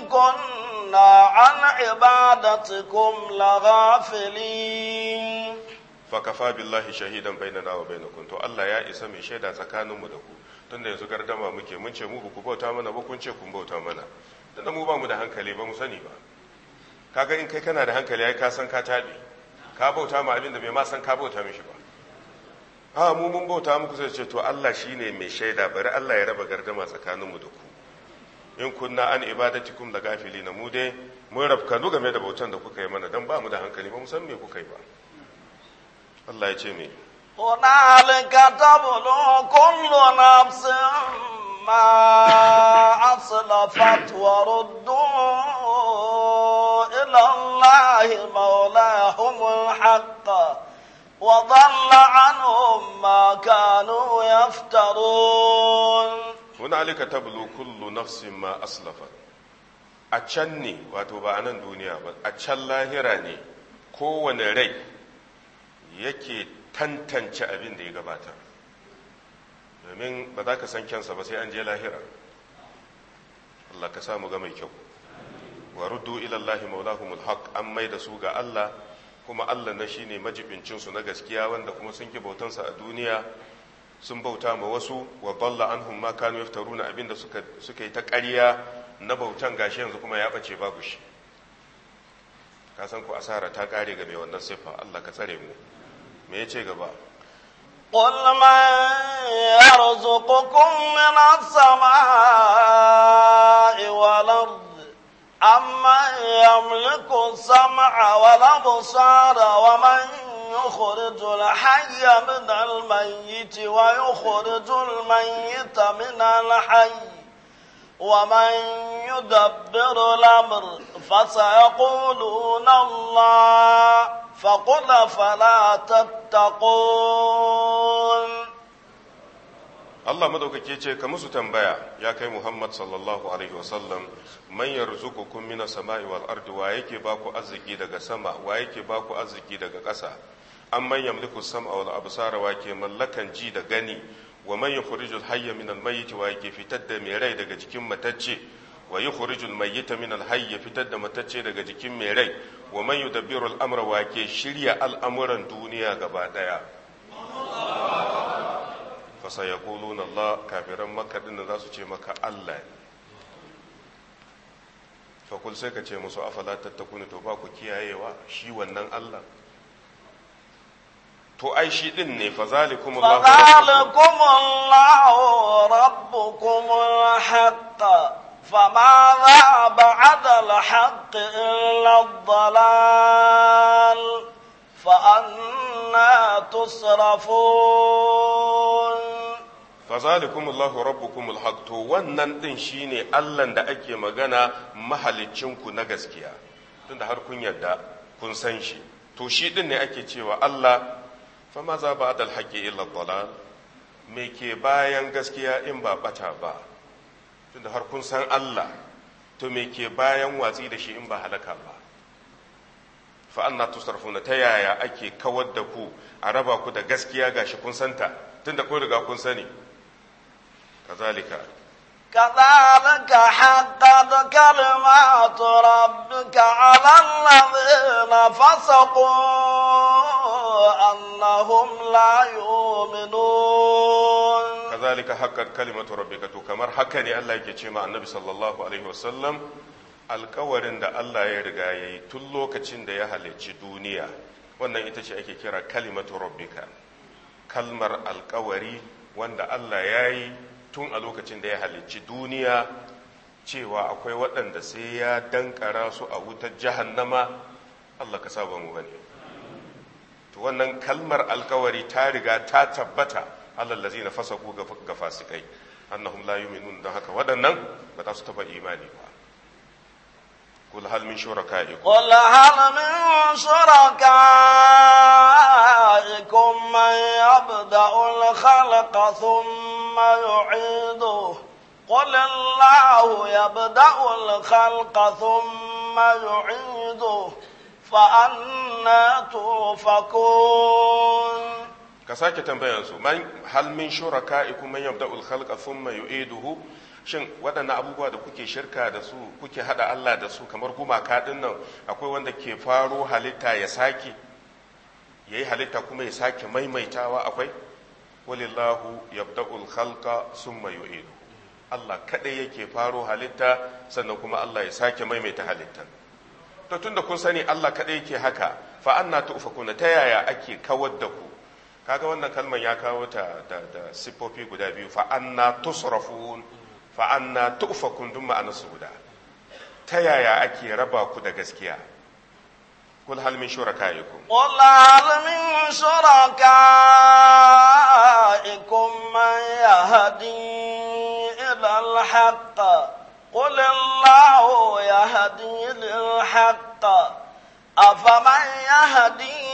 كنا عن عبادتكم لغافلين فكفى بالله شهيدا بيننا وبينكم تو الله يا من شهيدا تسكانمو مدكو tunda yanzu gardama muke mun ce mu ku bauta mana ba kun ce kun bauta mana tunda mu ba mu da hankali ba mu sani ba kaga in kai kana da hankali ai ka san ka tabi ka bauta ma abin da bai ma san ka bauta mishi ba ha mu mun bauta muku sai ce to Allah shine mai shaida bari Allah ya raba gardama tsakaninmu da ku in kunna an ibadatikum da gafili na mu dai mun rafkanu game da bautan da kuka yi mana dan ba mu da hankali ba mu san me kuka yi ba Allah ya ce me kullu nafsin ما أصلفت وردوا إلى الله مولاهم الحق وضل عنهم ما كانوا يفترون هنالك تبلو كل نفس ما أصلفت a can ne wato ba a nan duniya ba a can lahira ne kowane rai yake tantance abin da ya gabata. domin ba za ka san kyansa ba sai an je lahira Allah ka samu ga mai kyau wa ruddu ila Allah maulahumul haq an mai da su ga Allah kuma Allah na shine majibincin su na gaskiya wanda kuma sun ki sa a duniya sun bauta ma wasu wa dalla anhum ma kanu yaftaruna abinda suka suka yi ta ƙarya na bautan gashi yanzu kuma ya bace babu shi ka san ku asara ta kare ga mai wannan siffa Allah ka tsare mu me yace gaba قل من يرزقكم من السماء والأرض أمن يملك السمع والأبصار ومن يخرج الحي من الميت ويخرج الميت من الحي ومن يدبر الأمر فسيقولون الله فقل فلا تتقون Allah madaukake ce ka musu tambaya ya kai Muhammad sallallahu alaihi wasallam man yarzuqukum minas sama'i wal ardi wa yake baku arziki daga sama wa yake baku arziki daga ƙasa an man yamliku sam'a wal absara wa ke mallakan ji da gani wa man yukhrijul hayya min al mayyit wa yake fitar da mai rai daga jikin matacce wa yukhrijul mayyita min al hayy fitar da matacce daga jikin mai rai wa man yudabbiru al amra wa yake shirya al'amuran duniya gaba daya fa sayaquluna Allah kafiran makka din za su ce maka Allah fa fakul sai ka ce musu afala tattakuna to ba ku kiyayewa shi wannan Allah to ai shi din ne fa zalikum Allah zalikum Allah rabbukum haqq فماذا بعد الحق إلا الضلال فأنا تصرفون فذلكم الله ربكم الحق to wannan din shine Allah da ake magana ku na gaskiya tunda har kun yarda kun san shi to shi din ne ake cewa Allah fama za ba adal haƙƙi illa dalal me ke bayan gaskiya in ba ɓata ba tun da har kun san Allah to me ke bayan watsi da shi in ba halaka ba fa anna tusarfuna ta yaya ake kawar da ku a raba ku da gaskiya gashi kun santa tunda kun riga kun sani kazalika كذلك حقت كلمات ربك على الذين فسقوا أنهم لا يؤمنون كذلك حقت كلمة ربك تو كمر حقا الله يكي مع النبي صلى الله عليه وسلم alkawarin da Allah ya riga ya yi tun lokacin da ya halicci duniya wannan ita ce ake kira kalimatu rabbika kalmar alkawari wanda Allah ya yi tun a lokacin da ya halicci duniya cewa akwai waɗanda sai ya dankara su a wutar jahannama Allah ka saba mu bane wannan kalmar alkawari ta riga ta tabbata alal ladzina fasaku ga fasikai annahum la yu'minun da haka waɗannan ba za su taba imani ba قل هل من شركائكم قل هل من شركائكم من يبدأ الخلق ثم يعيده قل الله يبدأ الخلق ثم يعيده فأنا توفكون ka sake tambayansu hal min shuraka'ikum man yabda'ul khalqa thumma yu'iduhu shin waɗannan abubuwa da kuke shirka da su kuke hada Allah da su kamar gumaka din nan akwai wanda ke faro halitta ya sake yayi halitta kuma ya sake maimaitawa akwai walillahu yabda'ul khalqa thumma yu'iduhu Allah kaɗai yake faro halitta sannan kuma Allah ya sake maimaita halittan to tunda kun sani Allah kaɗai ke haka fa anna tufakuna ta yaya ake kawar da ku kaga wannan kalmar ya kawo ta da, da sifofi guda biyu fa anna tusrafun fa anna tufakun dun ma'anarsu guda ta yaya ake raba ku da gaskiya قل هل من شركائكم قل هل من شركائكم من يهدي إلى الحق قل الله يهدي للحق أفمن يهدي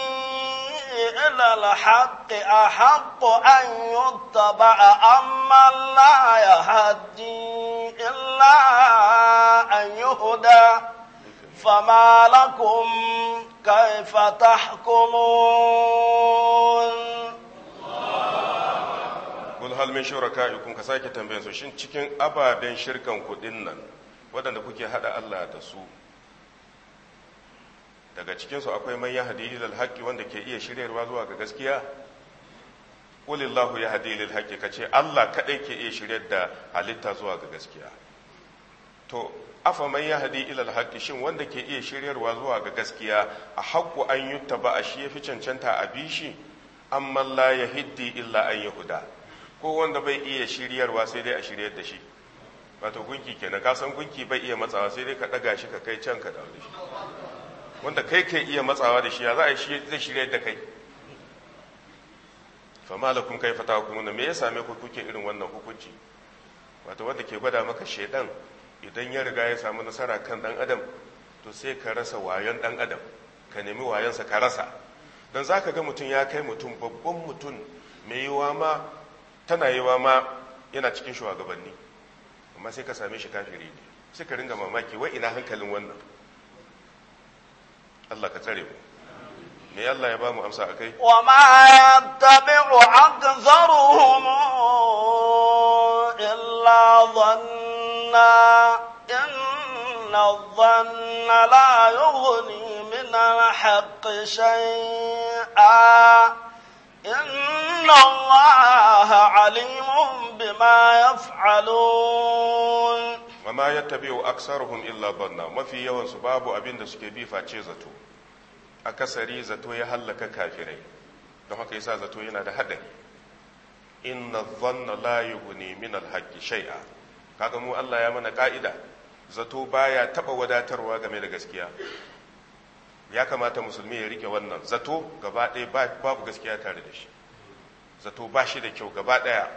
إلى الحق أحق أن يتبع أما لا يهدي إلا أن يهدى فما لكم كيف تحكمون الله kul hal min shuraka'ikum ka sake tambayan su shin cikin ababen shirkan kudin nan waɗanda kuke hada Allah da su daga cikin su akwai man yahdi ilal haqqi wanda ke iya shiryarwa zuwa ga gaskiya qulillahu yahdi lil haqqi kace Allah kadai ke iya shiryar da halitta zuwa ga gaskiya to afa man yahdi ilal haqqi shin wanda ke iya shiryarwa zuwa ga gaskiya a haqqu an yuttaba a shi yafi cancanta a bishi amma la yahdi illa an yahuda ko wanda bai iya shiryarwa sai dai a shiryar da shi wato gunki kenan ka san gunki bai iya matsawa sai dai ka daga shi ka kai can ka dawo da shi wanda kai kai iya matsawa da shi ya za a shi zai shiryar da kai fama da kun kai fata hukumuna me ya same ku kuke irin wannan hukunci wato wanda ke gwada maka shedan idan ya riga ya samu nasara kan dan adam to sai ka rasa wayan dan adam ka nemi wayansa ka rasa Dan za ka ga mutum ya kai mutum babban mutum mai yiwa ma tana yi wa ma yana cikin shugabanni amma sai ka same shi kafiri ne sai ka ringa mamaki wai ina hankalin wannan Allah ka tsare mu me Allah ya ba mu amsa akai wa ma yattabi'u akzaruhum illa dhanna inna dhanna la yughni min al-haqqi shay'a إن الله عليم بما يفعلون وما يتبع أكثرهم إلا ظنا ما في يوم سباب أبين دسكي بي فاتشي زتو أكسري زتو يهلك كافرين don haka yasa zato yana da haɗari inna dhanna la yughni min al-haqqi shay'a kaga mu Allah ya mana ƙa'ida? zato baya taɓa wadatarwa game da gaskiya ya kamata musulmi ya rike wannan zato gaba ɗaya babu gaskiya tare da shi zato ba shi da kyau gaba ɗaya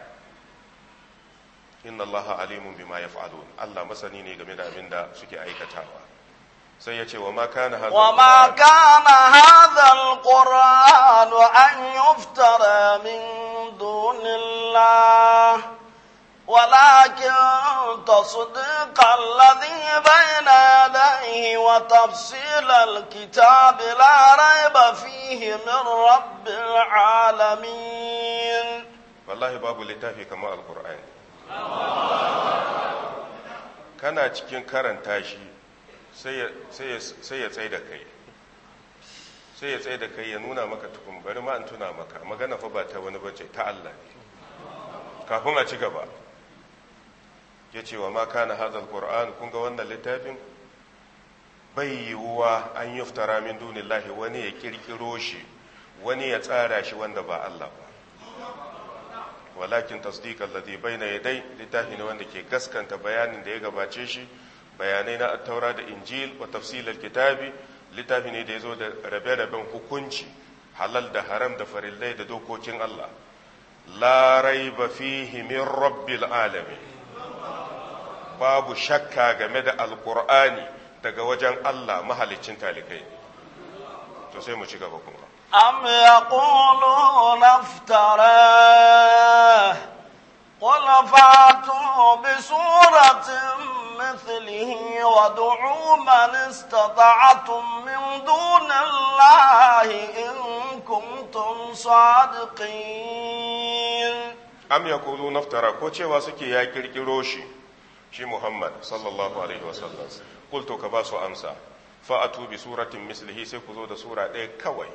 inna allaha alimun bima yaf'alun allah masani ne game da abin da suke aikatawa sai ya ce wa ma kana hadha wa ma an yuftara min dunillah ولكن تصدق الذي بين يديه وتفصيل الكتاب لا ريب فيه من رب العالمين والله باب littafi كما القرآن kana cikin karanta shi sai ya tsaye da kai sai ya tsaye da kai ya nuna maka tukun bari tuna maka magana fa ba ta wani bace ta Allah ne kafin a ci gaba ya ce wa maka na hadal qur'an kun ga wannan littafin bai yiwuwa an yuftara min dunillahi wani ya kirkiro shi wani ya tsara shi wanda ba Allah ba walakin tasdiq alladhi baina yaday littafi ne wanda ke gaskanta bayanin da ya gabace shi bayanai na taura da injil wa tafsil kitabi littafi ne da yazo da rabe-raben hukunci halal da haram da farillai da dokokin Allah la raiba fihi min rabbil alamin babu shakka game da alkur'ani daga wajen Allah mahalicin talikai to sai mu ci gaba kuma am yaquluna naftara, qul fa'tu bi suratin مثله وادعوا من استطعتم من دون الله إن كنتم صادقين أم يقولون افترى كوتشي واسكي يا كيركيروشي shi muhammad sallallahu alaihi wasallam kulto ka ba su amsa fa'atu bi suratin mislihi sai ku zo da sura ɗaya kawai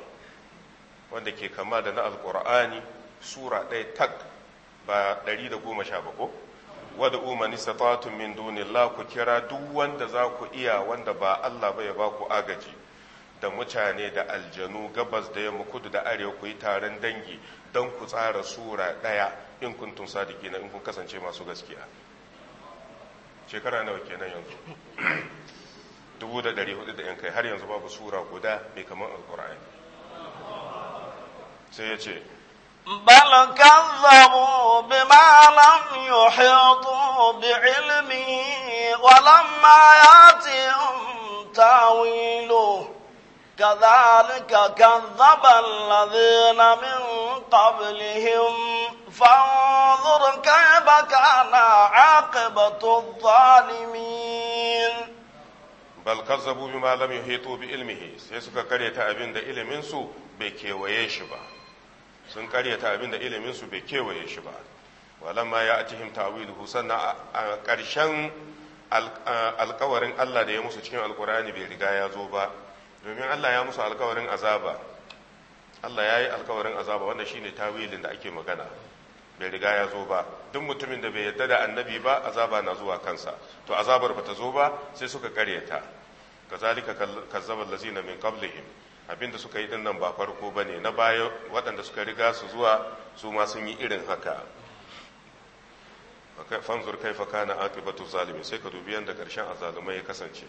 wanda ke kama da na alƙur'ani sura ɗaya tak ba ɗari da goma sha bako wadda umarni safatun min dunillah ku kira duk wanda za ku iya wanda ba allah ba ya ba ku agaji da mutane da aljanu gabas da yamma kudu da arewa ku yi taron dangi don ku tsara sura ɗaya in kuntun sadiki na in kun kasance masu gaskiya shekara nawa kenan yanzu 1400 <coughs> da yan kai har yanzu babu sura guda mai kamar alkur'ani sai ya ce بل كذبوا بما لم يحيطوا بعلمه ولما ياتهم تاويله كذلك كذب الذين من قبلهم فانظر كيف كان عاقبة الظالمين bal kazzabu bima lam yuhitu bi ilmihi sai suka karyata abinda da bai kewaye shi ba sun karyata abin da bai kewaye shi ba walamma ya atihim ta'wiluhu sannan a ƙarshen alƙawarin Allah da ya musu cikin alƙur'ani bai riga ya zo ba domin Allah ya musu alkawarin azaba Allah ya yi alkawarin azaba wanda shine tawilin da ake magana bai riga ya zo ba duk mutumin da bai yarda da annabi ba azaba na zuwa kansa to azabar ba ta zo ba sai suka karyata kazalika kazzaba lazina min qablihim abinda suka yi dinnan ba farko bane na baya waɗanda suka riga su zuwa su ma sun yi irin haka fanzur kaifa kana aqibatu zalimi sai ka dubi yanda karshen azalumai ya kasance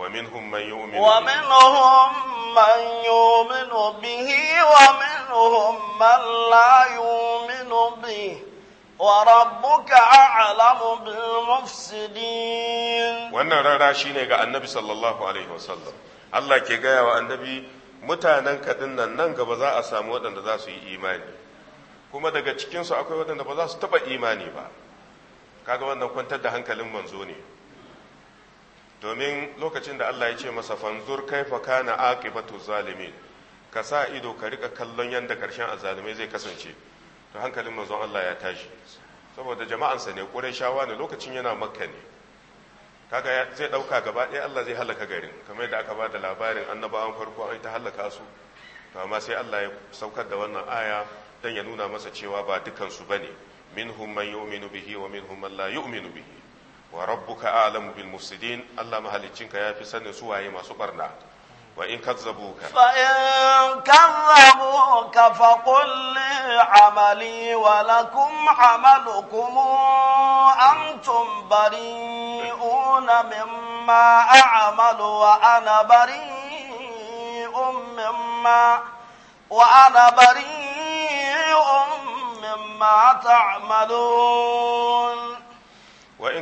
ومنهم من يؤمن ومنهم من يؤمن به ومنهم من لا يؤمن به وربك أعلم بالمفسدين wannan رارا shine ga annabi sallallahu alaihi wasallam Allah ke gaya wa annabi mutanen kadin nan nan gaba za a samu waɗanda za su yi imani kuma daga cikinsu akwai waɗanda ba za su taɓa imani ba kaga wannan kwantar da hankalin manzo ne domin lokacin da Allah ya ce masa fanzur kaifa kana aqibatu zalimin ka sa ido ka rika kallon yanda karshen azzalumai zai kasance to hankalin manzon Allah ya tashi saboda jama'ansa ne Qurayshawa ne lokacin yana Makka ne kaga zai dauka gaba ɗaya Allah zai halaka garin kamar yadda aka ba da labarin annabawan farko an ta halaka su to amma sai Allah ya saukar da wannan aya dan ya nuna masa cewa ba dukansu bane minhum man yu'minu bihi wa minhum man la yu'minu bihi wa rabbuka a'lamu bil mufsidin Allah mahaliccinka yafi sanin su waye masu barna wa in kazzabuka fa in kazzabuka fa qul li amali wa lakum amalukum antum bari'una mimma a'malu wa ana bari'un mimma wa ana bari'un mimma ta'malun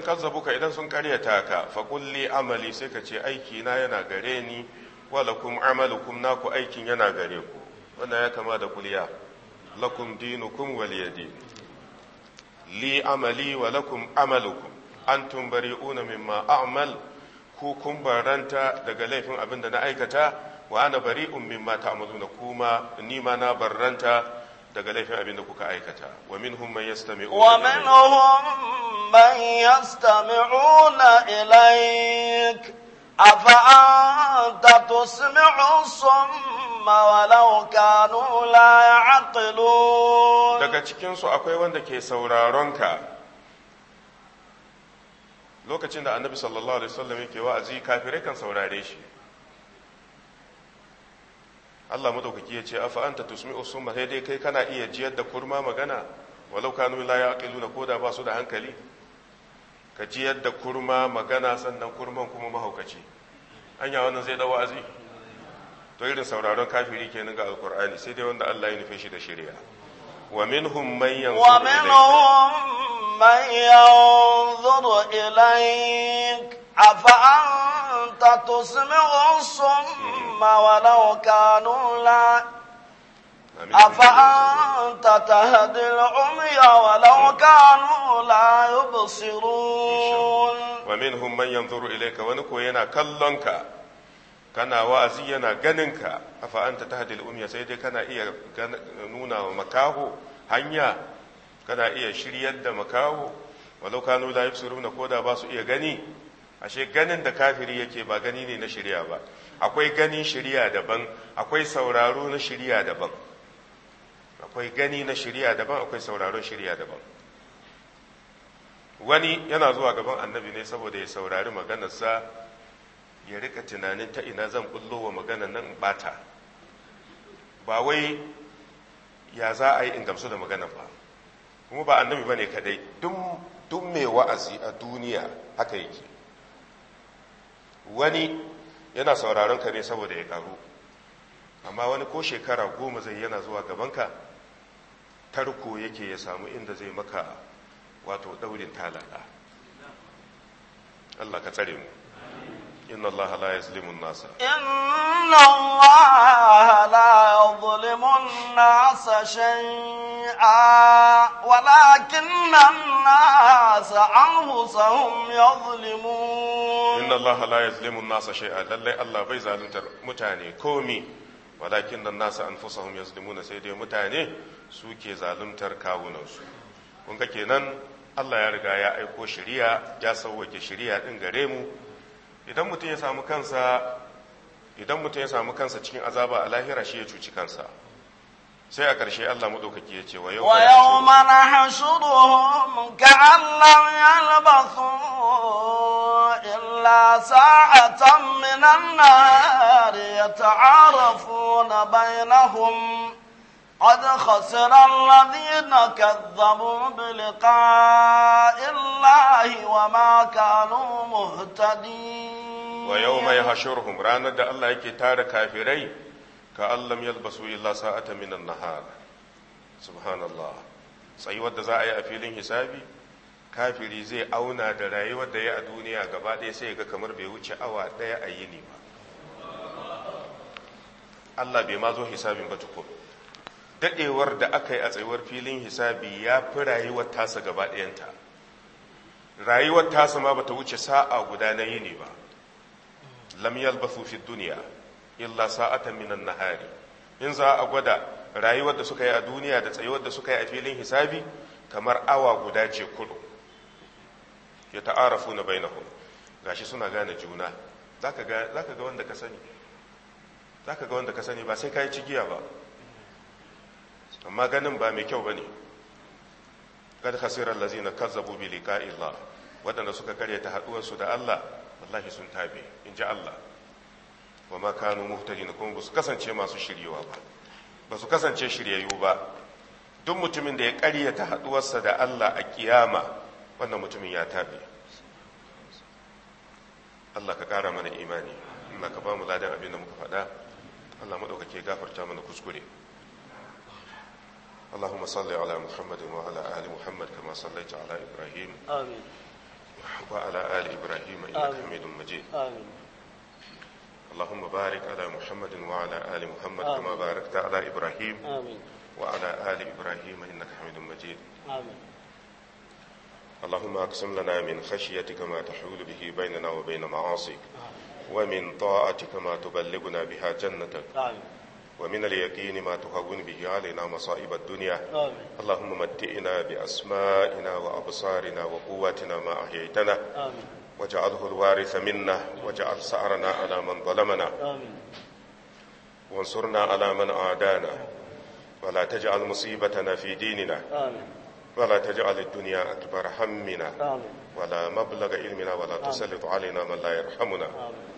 kazzabuka idan sun karyata ka fa kulli amali sai ka ce aiki na yana gare ni wa lakum amalukum naku aikin yana gare ku wannan ya kama da kulya lakum dinukum waliyadi li amali wa lakum amalukum antum bari'una mimma a'mal ku kun baranta daga laifin abin da na aikata wa ana bari'un mimma ta'maluna kuma ni ma na baranta? daga laifin abin da kuka aikata wa minhum man yastami'una wa man yastami'una ilaik afa anta tusmi'u summa walau kanu la ya'qilun daga cikin su akwai wanda ke sauraron ka lokacin da annabi sallallahu alaihi wasallam yake wa'azi kafirai kan saurare shi Allah madaukaki ya ce afa anta tusmi'u summa sai dai kai kana iya jiyar da kurma magana walau kanu la yaqiluna koda ba su da hankali ka jiyar da kurma magana sannan kurman kuma mahaukaci anya wannan zai da azi to irin sauraron kafiri kenan ga alkur'ani sai dai wanda Allah ya nufe shi da shirya. wa minhum man yanzuru wa minhum man أفأنت تسمع الصم ولو كانوا لا نعم، أفأنت تهدي العمي ولو كانوا لا يبصرون ومنهم من ينظر إليك ونكوينا كلنك كان وازينا جننك أفأنت تهدي العمي سيدي كان إيا نونا مكاهو هنيا كان إيا شريد مكاهو ولو كانوا لا يبصرون كودا باسو إيا جنين ashe ganin da kafiri yake ba gani ne na shirya ba akwai ganin shirya daban akwai sauraro na shirya daban akwai gani na shirya daban akwai sauraron shirya daban wani yana zuwa gaban annabi ne saboda ya saurari maganarsa ya rika tunanin ta ina zan bullo wa maganar nan bata ba wai ya za a yi in gamsu da maganar ba kuma ba annabi ba ne kadai duk mai wa'azi a duniya haka yake wani yana sauraron ka ne saboda ya karu amma wani ko shekara goma zai yana zuwa gabanka tarko yake ya samu inda zai maka wato daurin talala Allah ka tsare mu inna allaha la yuzlimu an-nasa inna allaha la yuzlimu an-nasa shay'a walakinna an-nasa anfusahum yuzlimun inna allaha la yuzlimu an-nasa shay'a lalle allah bai zaluntar mutane komi walakin an-nasa anfusahum yuzlimuna sai dai mutane suke zaluntar kawunansu kun ga kenan Allah ya riga ya aiko shiriya, ya sauwake shari'a ɗin gare mu idan mutum ya samu kansa idan mutum ya samu kansa cikin azaba a lahira shi ya cuci kansa sai a ƙarshe Allah maɗaukaki ya ce wa yau wa yau mana hasuruhum ya Allah yalbasu illa sa'atan minan nari ya na bainahum قد خسر الذين كذبوا بلقاء الله وما كانوا مهتدين ويوم يحشرهم رانا da Allah yake tara kafirai ka allam yalbasu illa sa'ata min an-nahar subhanallah tsayuwar da za a yi a filin hisabi kafiri zai auna da rayuwar da ya a duniya gabaɗaya, sai ga kamar bai wuce awa ɗaya a yini ba Allah bai ma zo hisabin ba tukun dadewar da aka yi a tsayuwar filin hisabi ya fi rayuwar tasa gaba ɗayanta rayuwar tasa ma bata wuce sa'a guda na yini ba lam yalbathu fi duniya illa sa'atan minan nahari in za a gwada rayuwar da suka yi a duniya da tsayuwar da suka yi a filin hisabi kamar awa guda ce kudu ya ta'arafu na Ga gashi suna gane juna zaka ga wanda ka sani zaka ga wanda ka sani ba sai ka yi cigiya ba amma ganin ba mai kyau ba bane kad khasira allazina kazzabu bi liqa'illah Waɗanda suka karyata haduwar su da Allah wallahi sun tabe inji Allah wa ma kanu muhtadin kuma ba su kasance masu shiryewa ba ba su kasance shiryayyu ba duk mutumin da ya karya ta haɗuwarsa da Allah a kiyama wannan mutumin ya tabe Allah ka ƙara mana imani Allah ka ba mu ladan abin da muka faɗa Allah maɗaukake gafarta mana kuskure اللهم صل على محمد وعلى آل محمد كما صليت على إبراهيم آمين وعلى آل إبراهيم إنك حميد مجيد آمين اللهم بارك على محمد وعلى آل محمد آمين. كما باركت على إبراهيم آمين وعلى آل إبراهيم إنك حميد مجيد آمين اللهم أقسم لنا من خشيتك ما تحول به بيننا وبين معاصيك آمين. ومن طاعتك ما تبلغنا بها جنتك آمين ومن اليقين ما تهون به علينا مصائب الدنيا آمين. اللهم متئنا بأسمائنا وأبصارنا وقواتنا ما أحييتنا وجعله الوارث منا وجعل سعرنا على من ظلمنا آمين. وانصرنا على من عادانا ولا تجعل مصيبتنا في ديننا آمين. ولا تجعل الدنيا أكبر همنا آمين. ولا مبلغ علمنا ولا تسلط علينا من لا يرحمنا آمين.